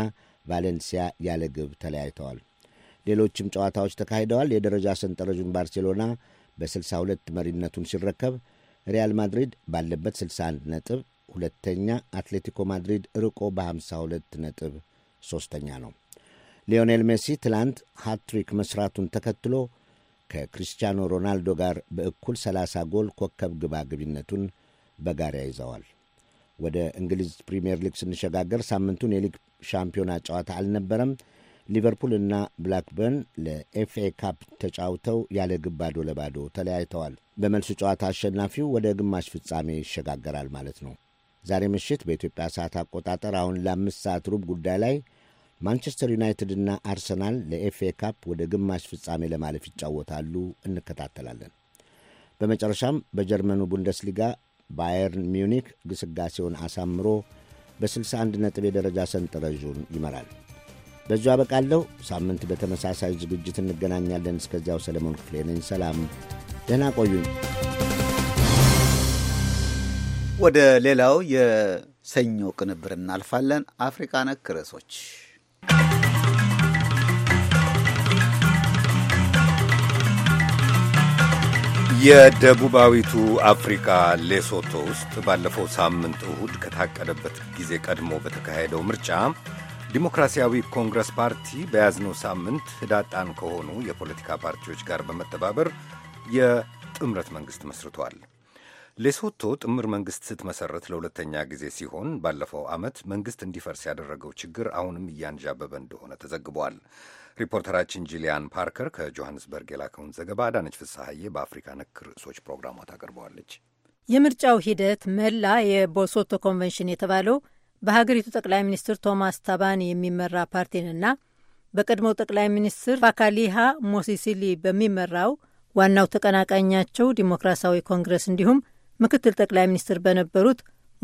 [SPEAKER 9] ቫሌንሲያ ያለ ግብ ተለያይተዋል። ሌሎችም ጨዋታዎች ተካሂደዋል። የደረጃ ሰንጠረዡን ባርሴሎና በ62 መሪነቱን ሲረከብ ሪያል ማድሪድ ባለበት 61 ነጥብ ሁለተኛ፣ አትሌቲኮ ማድሪድ ርቆ በ52 ነጥብ ሦስተኛ ነው። ሊዮኔል ሜሲ ትላንት ሃትሪክ መስራቱን ተከትሎ ከክሪስቲያኖ ሮናልዶ ጋር በእኩል 30 ጎል ኮከብ ግባግቢነቱን በጋራ ይዘዋል። ወደ እንግሊዝ ፕሪምየር ሊግ ስንሸጋገር ሳምንቱን የሊግ ሻምፒዮና ጨዋታ አልነበረም። ሊቨርፑል እና ብላክበርን ለኤፍኤ ካፕ ተጫውተው ያለ ግብ ባዶ ለባዶ ተለያይተዋል። በመልሱ ጨዋታ አሸናፊው ወደ ግማሽ ፍጻሜ ይሸጋገራል ማለት ነው። ዛሬ ምሽት በኢትዮጵያ ሰዓት አቆጣጠር አሁን ለአምስት ሰዓት ሩብ ጉዳይ ላይ ማንቸስተር ዩናይትድ እና አርሰናል ለኤፍኤ ካፕ ወደ ግማሽ ፍጻሜ ለማለፍ ይጫወታሉ። እንከታተላለን። በመጨረሻም በጀርመኑ ቡንደስሊጋ ባየርን ሚውኒክ ግስጋሴውን አሳምሮ በ61 ነጥብ የደረጃ ሰንጠረዡን ይመራል። በዚሁ አበቃለሁ። ሳምንት በተመሳሳይ ዝግጅት እንገናኛለን። እስከዚያው ሰለሞን ክፍሌ ነኝ። ሰላም፣
[SPEAKER 2] ደህና ቆዩኝ። ወደ ሌላው የሰኞ ቅንብር እናልፋለን። አፍሪካ ነክ ርዕሶች
[SPEAKER 1] የደቡባዊቱ አፍሪካ ሌሶቶ ውስጥ ባለፈው ሳምንት እሁድ ከታቀደበት ጊዜ ቀድሞ በተካሄደው ምርጫ ዲሞክራሲያዊ ኮንግረስ ፓርቲ በያዝነው ሳምንት ህዳጣን ከሆኑ የፖለቲካ ፓርቲዎች ጋር በመተባበር የጥምረት መንግሥት መስርቷል። ሌሶቶ ጥምር መንግሥት ስትመሠረት ለሁለተኛ ጊዜ ሲሆን ባለፈው ዓመት መንግሥት እንዲፈርስ ያደረገው ችግር አሁንም እያንዣበበ እንደሆነ ተዘግቧል። ሪፖርተራችን ጂሊያን ፓርከር ከጆሐንስበርግ የላከውን ዘገባ አዳነች ፍሳሐዬ በአፍሪካ ነክ ርዕሶች ፕሮግራሟ ታቀርበዋለች።
[SPEAKER 8] የምርጫው ሂደት መላ የቦሶቶ ኮንቨንሽን የተባለው በሀገሪቱ ጠቅላይ ሚኒስትር ቶማስ ታባኒ የሚመራ ፓርቲንና በቀድሞው ጠቅላይ ሚኒስትር ፋካሊሃ ሞሲሲሊ በሚመራው ዋናው ተቀናቃኛቸው ዲሞክራሲያዊ ኮንግረስ እንዲሁም ምክትል ጠቅላይ ሚኒስትር በነበሩት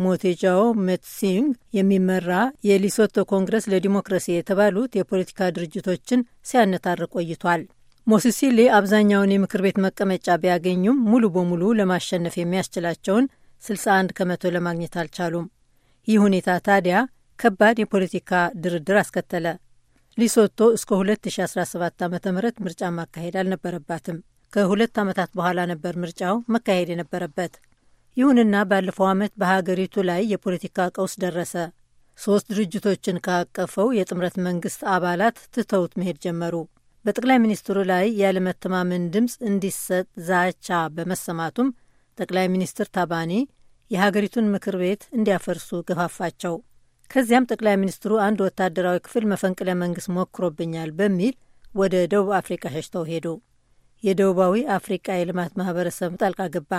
[SPEAKER 8] ሞቴጃዎ መትሲንግ የሚመራ የሊሶቶ ኮንግረስ ለዲሞክራሲ የተባሉት የፖለቲካ ድርጅቶችን ሲያነታር ቆይቷል። ሞሲሲሊ አብዛኛውን የምክር ቤት መቀመጫ ቢያገኙም ሙሉ በሙሉ ለማሸነፍ የሚያስችላቸውን 61 ከመቶ ለማግኘት አልቻሉም። ይህ ሁኔታ ታዲያ ከባድ የፖለቲካ ድርድር አስከተለ። ሊሶቶ እስከ 2017 ዓ ም ምርጫ ማካሄድ አልነበረባትም። ከሁለት ዓመታት በኋላ ነበር ምርጫው መካሄድ የነበረበት። ይሁንና ባለፈው ዓመት በሀገሪቱ ላይ የፖለቲካ ቀውስ ደረሰ። ሦስት ድርጅቶችን ካቀፈው የጥምረት መንግሥት አባላት ትተውት መሄድ ጀመሩ። በጠቅላይ ሚኒስትሩ ላይ ያለመተማመን ድምፅ እንዲሰጥ ዛቻ በመሰማቱም ጠቅላይ ሚኒስትር ታባኒ የሀገሪቱን ምክር ቤት እንዲያፈርሱ ገፋፋቸው። ከዚያም ጠቅላይ ሚኒስትሩ አንድ ወታደራዊ ክፍል መፈንቅለ መንግስት ሞክሮብኛል በሚል ወደ ደቡብ አፍሪካ ሸሽተው ሄዱ። የደቡባዊ አፍሪቃ የልማት ማህበረሰብ ጣልቃ ገባ።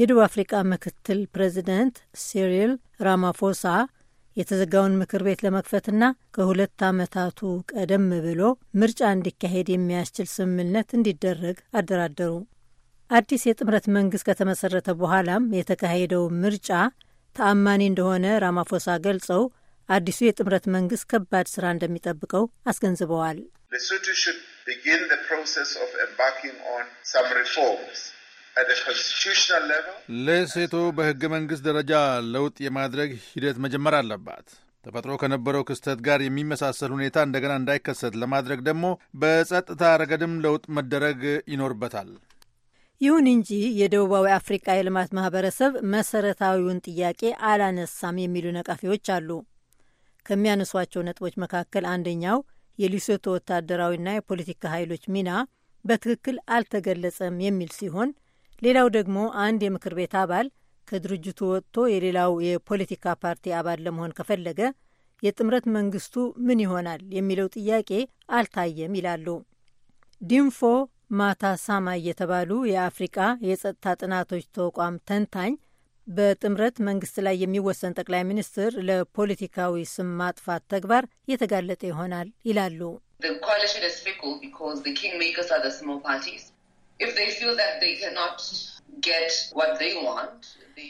[SPEAKER 8] የደቡብ አፍሪቃ ምክትል ፕሬዚደንት ሲሪል ራማፎሳ የተዘጋውን ምክር ቤት ለመክፈትና ከሁለት ዓመታቱ ቀደም ብሎ ምርጫ እንዲካሄድ የሚያስችል ስምምነት እንዲደረግ አደራደሩ። አዲስ የጥምረት መንግስት ከተመሰረተ በኋላም የተካሄደው ምርጫ ተአማኒ እንደሆነ ራማፎሳ ገልጸው አዲሱ የጥምረት መንግስት ከባድ ስራ እንደሚጠብቀው
[SPEAKER 10] አስገንዝበዋል። ሌሴቶ በህገ መንግስት ደረጃ ለውጥ የማድረግ ሂደት መጀመር አለባት። ተፈጥሮ ከነበረው ክስተት ጋር የሚመሳሰል ሁኔታ እንደገና እንዳይከሰት ለማድረግ ደግሞ በጸጥታ ረገድም ለውጥ መደረግ ይኖርበታል።
[SPEAKER 8] ይሁን እንጂ የደቡባዊ አፍሪቃ የልማት ማህበረሰብ መሰረታዊውን ጥያቄ አላነሳም የሚሉ ነቃፊዎች አሉ። ከሚያነሷቸው ነጥቦች መካከል አንደኛው የሊሶቶ ወታደራዊና የፖለቲካ ኃይሎች ሚና በትክክል አልተገለጸም የሚል ሲሆን፣ ሌላው ደግሞ አንድ የምክር ቤት አባል ከድርጅቱ ወጥቶ የሌላው የፖለቲካ ፓርቲ አባል ለመሆን ከፈለገ የጥምረት መንግስቱ ምን ይሆናል የሚለው ጥያቄ አልታየም ይላሉ። ዲንፎ ማታ ሳማ እየተባሉ የአፍሪቃ የጸጥታ ጥናቶች ተቋም ተንታኝ በጥምረት መንግስት ላይ የሚወሰን ጠቅላይ ሚኒስትር ለፖለቲካዊ ስም ማጥፋት ተግባር የተጋለጠ ይሆናል ይላሉ።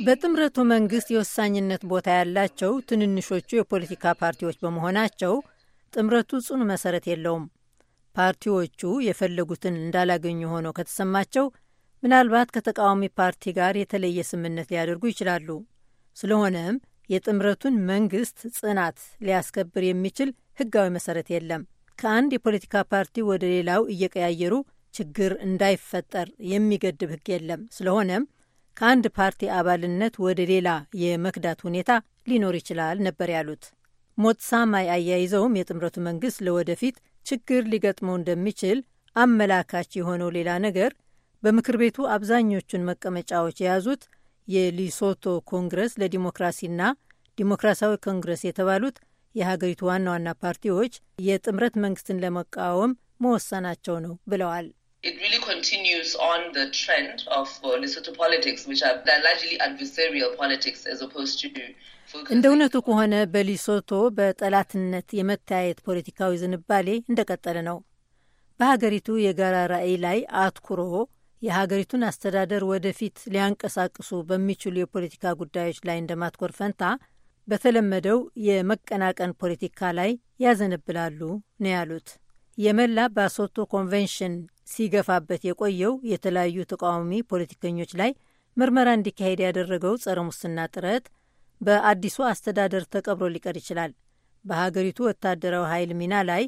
[SPEAKER 8] በጥምረቱ መንግስት የወሳኝነት ቦታ ያላቸው ትንንሾቹ የፖለቲካ ፓርቲዎች በመሆናቸው ጥምረቱ ጽኑ መሰረት የለውም። ፓርቲዎቹ የፈለጉትን እንዳላገኙ ሆነው ከተሰማቸው ምናልባት ከተቃዋሚ ፓርቲ ጋር የተለየ ስምምነት ሊያደርጉ ይችላሉ። ስለሆነም የጥምረቱን መንግስት ጽናት ሊያስከብር የሚችል ህጋዊ መሰረት የለም። ከአንድ የፖለቲካ ፓርቲ ወደ ሌላው እየቀያየሩ ችግር እንዳይፈጠር የሚገድብ ህግ የለም። ስለሆነም ከአንድ ፓርቲ አባልነት ወደ ሌላ የመክዳት ሁኔታ ሊኖር ይችላል ነበር ያሉት ሞትሳማይ። አያይዘውም የጥምረቱ መንግስት ለወደፊት ችግር ሊገጥመው እንደሚችል አመላካች የሆነው ሌላ ነገር በምክር ቤቱ አብዛኞቹን መቀመጫዎች የያዙት የሊሶቶ ኮንግረስ ለዲሞክራሲና ዲሞክራሲያዊ ኮንግረስ የተባሉት የሀገሪቱ ዋና ዋና ፓርቲዎች የጥምረት መንግስትን ለመቃወም መወሰናቸው ነው ብለዋል። እንደ እውነቱ ከሆነ በሊሶቶ በጠላትነት የመታየት ፖለቲካዊ ዝንባሌ እንደቀጠለ ነው። በሀገሪቱ የጋራ ራዕይ ላይ አትኩሮ የሀገሪቱን አስተዳደር ወደፊት ሊያንቀሳቅሱ በሚችሉ የፖለቲካ ጉዳዮች ላይ እንደማትኮር ፈንታ በተለመደው የመቀናቀን ፖለቲካ ላይ ያዘነብላሉ ነው ያሉት። የመላ ባሶቶ ኮንቬንሽን ሲገፋበት የቆየው የተለያዩ ተቃዋሚ ፖለቲከኞች ላይ ምርመራ እንዲካሄድ ያደረገው ጸረ ሙስና ጥረት በአዲሱ አስተዳደር ተቀብሮ ሊቀር ይችላል። በሀገሪቱ ወታደራዊ ኃይል ሚና ላይ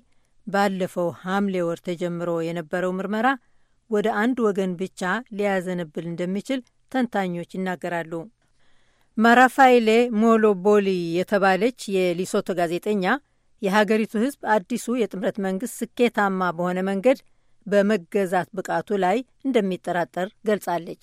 [SPEAKER 8] ባለፈው ሐምሌ ወር ተጀምሮ የነበረው ምርመራ ወደ አንድ ወገን ብቻ ሊያዘነብል እንደሚችል ተንታኞች ይናገራሉ። ማራፋይሌ ሞሎቦሊ የተባለች የሊሶቶ ጋዜጠኛ የሀገሪቱ ሕዝብ አዲሱ የጥምረት መንግስት ስኬታማ በሆነ መንገድ በመገዛት ብቃቱ ላይ እንደሚጠራጠር ገልጻለች።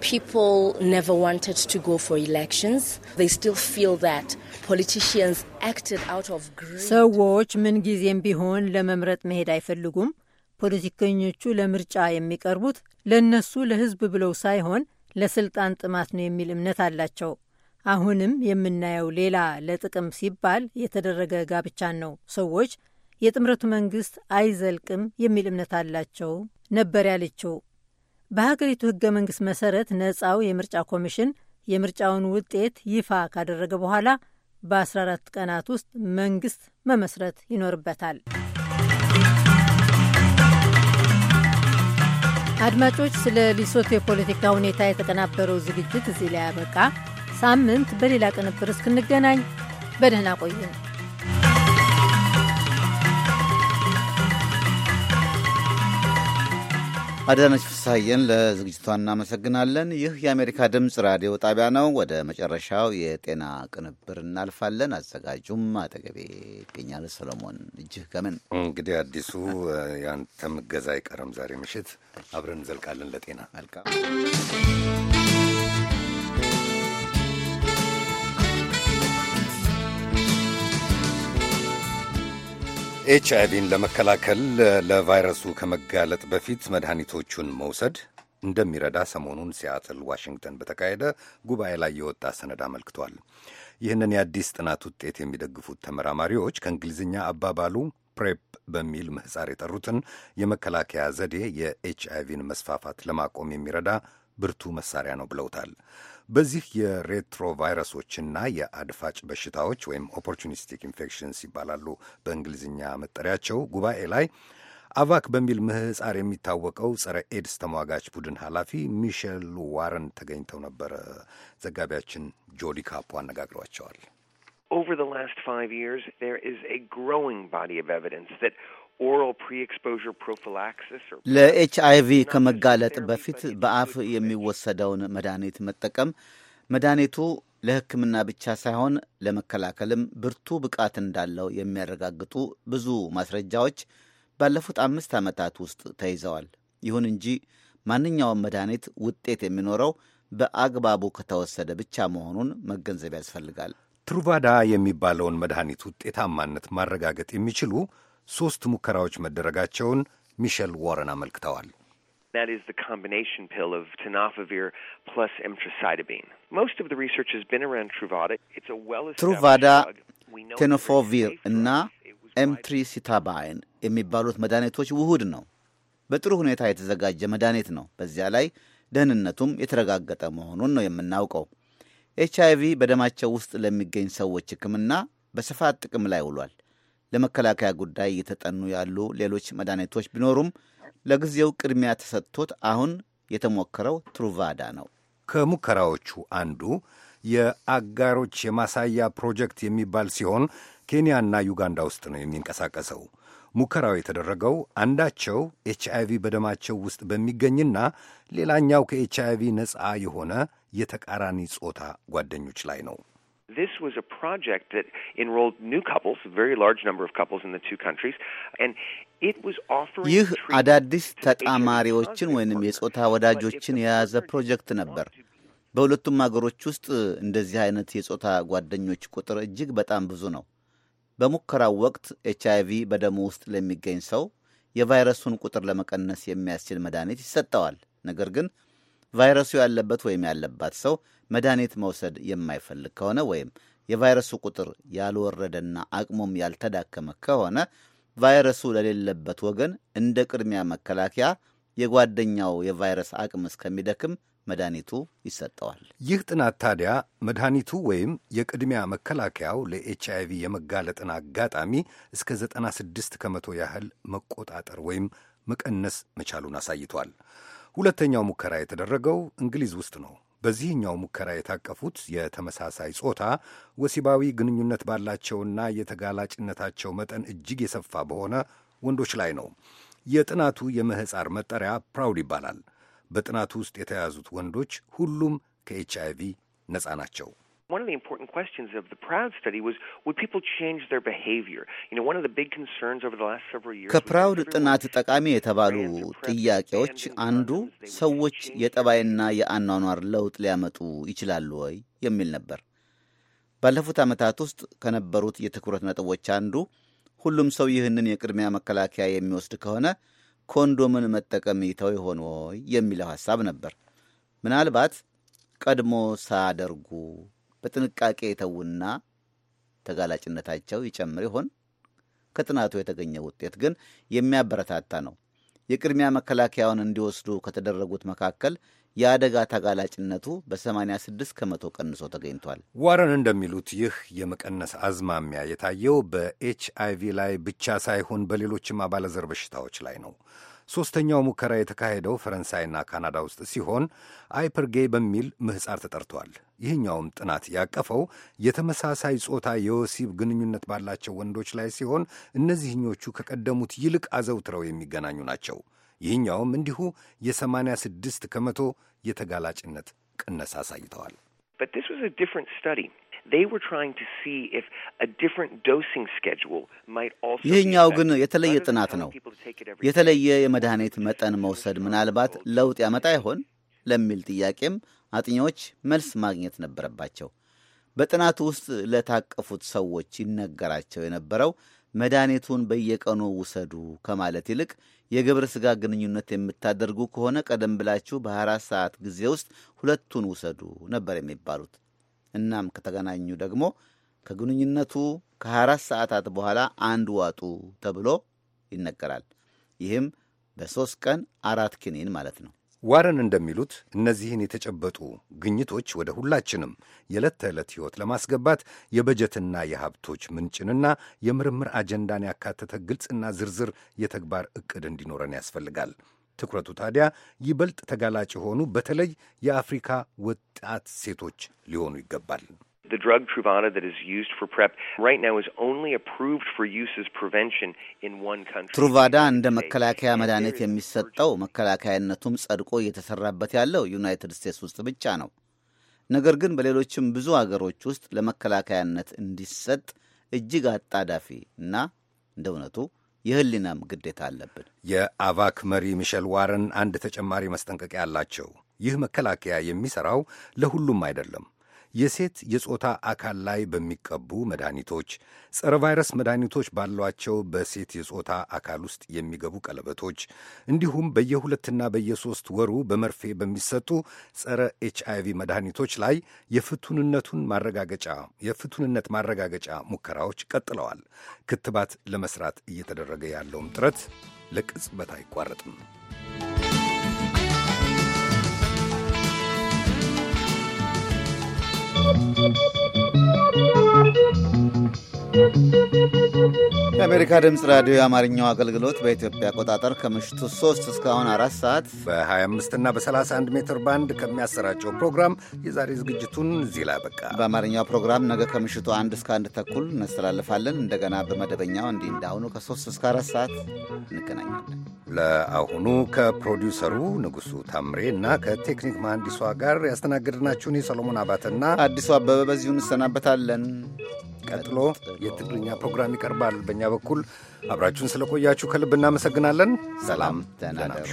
[SPEAKER 8] People never wanted to go for elections. They still feel that politicians acted out of greed. ሰዎች ምንጊዜም ቢሆን ለመምረጥ መሄድ አይፈልጉም። ፖለቲከኞቹ ለምርጫ የሚቀርቡት ለእነሱ ለሕዝብ ብለው ሳይሆን ለስልጣን ጥማት ነው የሚል እምነት አላቸው። አሁንም የምናየው ሌላ ለጥቅም ሲባል የተደረገ ጋብቻን ነው። ሰዎች የጥምረቱ መንግስት አይዘልቅም የሚል እምነት አላቸው ነበር ያለችው በሀገሪቱ ህገ መንግስት መሰረት ነጻው የምርጫ ኮሚሽን የምርጫውን ውጤት ይፋ ካደረገ በኋላ በ14 ቀናት ውስጥ መንግስት መመስረት ይኖርበታል። አድማጮች፣ ስለ ሊሶት የፖለቲካ ሁኔታ የተቀናበረው ዝግጅት እዚህ ላይ ያበቃ። ሳምንት በሌላ ቅንብር እስክንገናኝ በደህና ቆዩን።
[SPEAKER 2] አዳነች ፍስሐዬን ለዝግጅቷ እናመሰግናለን። ይህ የአሜሪካ ድምፅ ራዲዮ ጣቢያ ነው። ወደ መጨረሻው የጤና ቅንብር እናልፋለን። አዘጋጁም አጠገቤ ይገኛል። ሰሎሞን እጅህ ከምን
[SPEAKER 1] እንግዲህ አዲሱ ያንተም እገዛ አይቀርም። ዛሬ ምሽት አብረን እንዘልቃለን ለጤና መልካም ኤች አይቪን ለመከላከል ለቫይረሱ ከመጋለጥ በፊት መድኃኒቶቹን መውሰድ እንደሚረዳ ሰሞኑን ሲያትል ዋሽንግተን በተካሄደ ጉባኤ ላይ የወጣ ሰነድ አመልክቷል። ይህንን የአዲስ ጥናት ውጤት የሚደግፉት ተመራማሪዎች ከእንግሊዝኛ አባባሉ ፕሬፕ በሚል ምህፃር የጠሩትን የመከላከያ ዘዴ የኤች አይቪን መስፋፋት ለማቆም የሚረዳ ብርቱ መሳሪያ ነው ብለውታል። በዚህ የሬትሮቫይረሶችና የአድፋጭ በሽታዎች ወይም ኦፖርቹኒስቲክ ኢንፌክሽንስ ይባላሉ በእንግሊዝኛ መጠሪያቸው ጉባኤ ላይ አቫክ በሚል ምህፃር የሚታወቀው ጸረ ኤድስ ተሟጋች ቡድን ኃላፊ ሚሼል ዋረን ተገኝተው ነበረ። ዘጋቢያችን ጆዲ ካፖ አነጋግሯቸዋል።
[SPEAKER 5] Over the last five years, there is a growing body of evidence that oral
[SPEAKER 2] ከመጋለጥ በፊት በአፍ የሚወሰደውን መድኃኒት መጠቀም መድኃኒቱ ለሕክምና ብቻ ሳይሆን ለመከላከልም ብርቱ ብቃት እንዳለው የሚያረጋግጡ ብዙ ማስረጃዎች ባለፉት አምስት ዓመታት ውስጥ ተይዘዋል። ይሁን እንጂ ማንኛውም መድኃኒት ውጤት የሚኖረው በአግባቡ ከተወሰደ ብቻ መሆኑን መገንዘብ ያስፈልጋል።
[SPEAKER 1] ትሩቫዳ የሚባለውን መድኃኒት ውጤታማነት ማረጋገጥ የሚችሉ ሦስት ሙከራዎች መደረጋቸውን ሚሸል ዋረን አመልክተዋል።
[SPEAKER 5] That is the combination pill of tenofovir plus emtricitabine. Most of the research has been around Truvada. It's a well-established
[SPEAKER 2] drug. ቴኖፎቪር እና ኤምትሪሲታባይን የሚባሉት መድኃኒቶች ውሁድ ነው። በጥሩ ሁኔታ የተዘጋጀ መድኃኒት ነው። በዚያ ላይ ደህንነቱም የተረጋገጠ መሆኑን ነው የምናውቀው። ኤች አይቪ በደማቸው ውስጥ ለሚገኝ ሰዎች ሕክምና በስፋት ጥቅም ላይ ውሏል። ለመከላከያ ጉዳይ እየተጠኑ ያሉ ሌሎች መድኃኒቶች ቢኖሩም ለጊዜው ቅድሚያ ተሰጥቶት አሁን የተሞከረው
[SPEAKER 1] ትሩቫዳ ነው። ከሙከራዎቹ አንዱ የአጋሮች የማሳያ ፕሮጀክት የሚባል ሲሆን ኬንያና ዩጋንዳ ውስጥ ነው የሚንቀሳቀሰው። ሙከራው የተደረገው አንዳቸው ኤች አይቪ በደማቸው ውስጥ በሚገኝና ሌላኛው ከኤች አይቪ ነፃ የሆነ የተቃራኒ ጾታ ጓደኞች ላይ ነው።
[SPEAKER 5] This was a project that enrolled new couples, a very large number of couples in the two countries, and it was offering. You
[SPEAKER 2] ይህ አዳዲስ ተጣማሪዎችን ወይንም የጾታ ወዳጆችን የያዘ ፕሮጀክት ነበር። በሁለቱም አገሮች ውስጥ እንደዚህ አይነት የጾታ ጓደኞች ቁጥር እጅግ በጣም ብዙ ነው። በሙከራው ወቅት ኤች አይ ቪ በደሙ ውስጥ ለሚገኝ ሰው የቫይረሱን ቁጥር ለመቀነስ የሚያስችል መድኃኒት ይሰጠዋል። ነገር ግን ቫይረሱ ያለበት ወይም ያለባት ሰው መድኃኒት መውሰድ የማይፈልግ ከሆነ ወይም የቫይረሱ ቁጥር ያልወረደና አቅሙም ያልተዳከመ ከሆነ ቫይረሱ ለሌለበት ወገን እንደ ቅድሚያ መከላከያ የጓደኛው የቫይረስ አቅም
[SPEAKER 1] እስከሚደክም መድኃኒቱ ይሰጠዋል። ይህ ጥናት ታዲያ መድኃኒቱ ወይም የቅድሚያ መከላከያው ለኤች አይቪ የመጋለጥን አጋጣሚ እስከ 96 ከመቶ ያህል መቆጣጠር ወይም መቀነስ መቻሉን አሳይቷል። ሁለተኛው ሙከራ የተደረገው እንግሊዝ ውስጥ ነው። በዚህኛው ሙከራ የታቀፉት የተመሳሳይ ጾታ ወሲባዊ ግንኙነት ባላቸውና የተጋላጭነታቸው መጠን እጅግ የሰፋ በሆነ ወንዶች ላይ ነው። የጥናቱ የምህፃር መጠሪያ ፕራውድ ይባላል። በጥናቱ ውስጥ የተያዙት ወንዶች ሁሉም ከኤች አይ ቪ ነፃ ናቸው።
[SPEAKER 5] one of the important questions of the Proud study was would people change their behavior? You know, one of the big concerns over the last several
[SPEAKER 2] years ከፕራውድ ጥናት ጠቃሚ የተባሉ ጥያቄዎች አንዱ ሰዎች የጠባይና የአኗኗር ለውጥ ሊያመጡ ይችላሉ ወይ የሚል ነበር። ባለፉት ዓመታት ውስጥ ከነበሩት የትኩረት ነጥቦች አንዱ ሁሉም ሰው ይህንን የቅድሚያ መከላከያ የሚወስድ ከሆነ ኮንዶምን መጠቀም ይተው ይሆን ወይ የሚለው ሐሳብ ነበር። ምናልባት ቀድሞ ሳያደርጉ በጥንቃቄ የተዉና ተጋላጭነታቸው ይጨምር ይሆን? ከጥናቱ የተገኘ ውጤት ግን የሚያበረታታ ነው። የቅድሚያ መከላከያውን እንዲወስዱ ከተደረጉት መካከል
[SPEAKER 1] የአደጋ ተጋላጭነቱ በ86 ከመቶ ቀንሶ ተገኝቷል። ዋረን እንደሚሉት ይህ የመቀነስ አዝማሚያ የታየው በኤች አይ ቪ ላይ ብቻ ሳይሆን በሌሎችም አባለዘር በሽታዎች ላይ ነው። ሦስተኛው ሙከራ የተካሄደው ፈረንሳይና ካናዳ ውስጥ ሲሆን አይፐርጌ በሚል ምህጻር ተጠርቷል። ይህኛውም ጥናት ያቀፈው የተመሳሳይ ጾታ የወሲብ ግንኙነት ባላቸው ወንዶች ላይ ሲሆን እነዚህኞቹ ከቀደሙት ይልቅ አዘውትረው የሚገናኙ ናቸው። ይህኛውም እንዲሁ የ86 ከመቶ የተጋላጭነት ቅነሳ አሳይተዋል።
[SPEAKER 5] But this was a different study. they were trying to see if a different dosing schedule might also ይህኛው ግን የተለየ ጥናት
[SPEAKER 2] ነው። የተለየ የመድኃኒት መጠን መውሰድ ምናልባት ለውጥ ያመጣ ይሆን ለሚል ጥያቄም አጥኚዎች መልስ ማግኘት ነበረባቸው። በጥናቱ ውስጥ ለታቀፉት ሰዎች ይነገራቸው የነበረው መድኃኒቱን በየቀኑ ውሰዱ ከማለት ይልቅ የግብረ ሥጋ ግንኙነት የምታደርጉ ከሆነ ቀደም ብላችሁ በ24 ሰዓት ጊዜ ውስጥ ሁለቱን ውሰዱ ነበር የሚባሉት። እናም ከተገናኙ ደግሞ ከግንኙነቱ ከ24 ሰዓታት በኋላ አንድ ዋጡ ተብሎ
[SPEAKER 1] ይነገራል። ይህም በሦስት ቀን አራት ኪኒን ማለት ነው። ዋረን እንደሚሉት እነዚህን የተጨበጡ ግኝቶች ወደ ሁላችንም የዕለት ተዕለት ሕይወት ለማስገባት የበጀትና የሀብቶች ምንጭንና የምርምር አጀንዳን ያካተተ ግልጽና ዝርዝር የተግባር ዕቅድ እንዲኖረን ያስፈልጋል። ትኩረቱ ታዲያ ይበልጥ ተጋላጭ የሆኑ በተለይ የአፍሪካ ወጣት ሴቶች ሊሆኑ ይገባል።
[SPEAKER 5] The drug Truvada that is used for PrEP right now is only approved for use as prevention in one country.
[SPEAKER 2] ትሩቫዳ እንደ መከላከያ መድኃኒት የሚሰጠው መከላከያነቱም ጸድቆ እየተሰራበት ያለው ዩናይትድ ስቴትስ ውስጥ ብቻ ነው። ነገር ግን በሌሎችም ብዙ አገሮች ውስጥ ለመከላከያነት እንዲሰጥ እጅግ አጣዳፊ እና እንደ እውነቱ የህሊናም
[SPEAKER 1] ግዴታ አለብን። የአቫክ መሪ ሚሸል ዋረን አንድ ተጨማሪ ማስጠንቀቂያ አላቸው። ይህ መከላከያ የሚሠራው ለሁሉም አይደለም፣ የሴት የጾታ አካል ላይ በሚቀቡ መድኃኒቶች፣ ጸረ ቫይረስ መድኃኒቶች ባሏቸው በሴት የጾታ አካል ውስጥ የሚገቡ ቀለበቶች እንዲሁም በየሁለትና በየሶስት ወሩ በመርፌ በሚሰጡ ጸረ ኤች አይቪ መድኃኒቶች ላይ የፍቱንነቱን ማረጋገጫ የፍቱንነት ማረጋገጫ ሙከራዎች ቀጥለዋል። ክትባት ለመስራት እየተደረገ ያለውም ጥረት ለቅጽበት አይቋረጥም።
[SPEAKER 12] Thank you.
[SPEAKER 2] የአሜሪካ ድምፅ ራዲዮ የአማርኛው አገልግሎት
[SPEAKER 1] በኢትዮጵያ አቆጣጠር ከምሽቱ 3 እስካሁን አራት ሰዓት በ25 እና በ31 ሜትር ባንድ ከሚያሰራጨው ፕሮግራም የዛሬ ዝግጅቱን እዚህ ላይ በቃ። በአማርኛው ፕሮግራም ነገ
[SPEAKER 2] ከምሽቱ አንድ እስከ አንድ ተኩል እናስተላልፋለን። እንደገና በመደበኛው እንዲህ እንዳሁኑ ከ3 እስከ አራት ሰዓት
[SPEAKER 1] እንገናኛለን። ለአሁኑ ከፕሮዲውሰሩ ንጉሱ ታምሬ እና ከቴክኒክ መሐንዲሷ ጋር ያስተናገድናችሁን የሰሎሞን አባተና አዲሱ አበበ በዚሁ እንሰናበታለን። ቀጥሎ የትግርኛ ፕሮግራም ይቀርባል። በእኛ በኩል አብራችሁን ስለቆያችሁ ከልብ እናመሰግናለን። ሰላም ተናደሩ።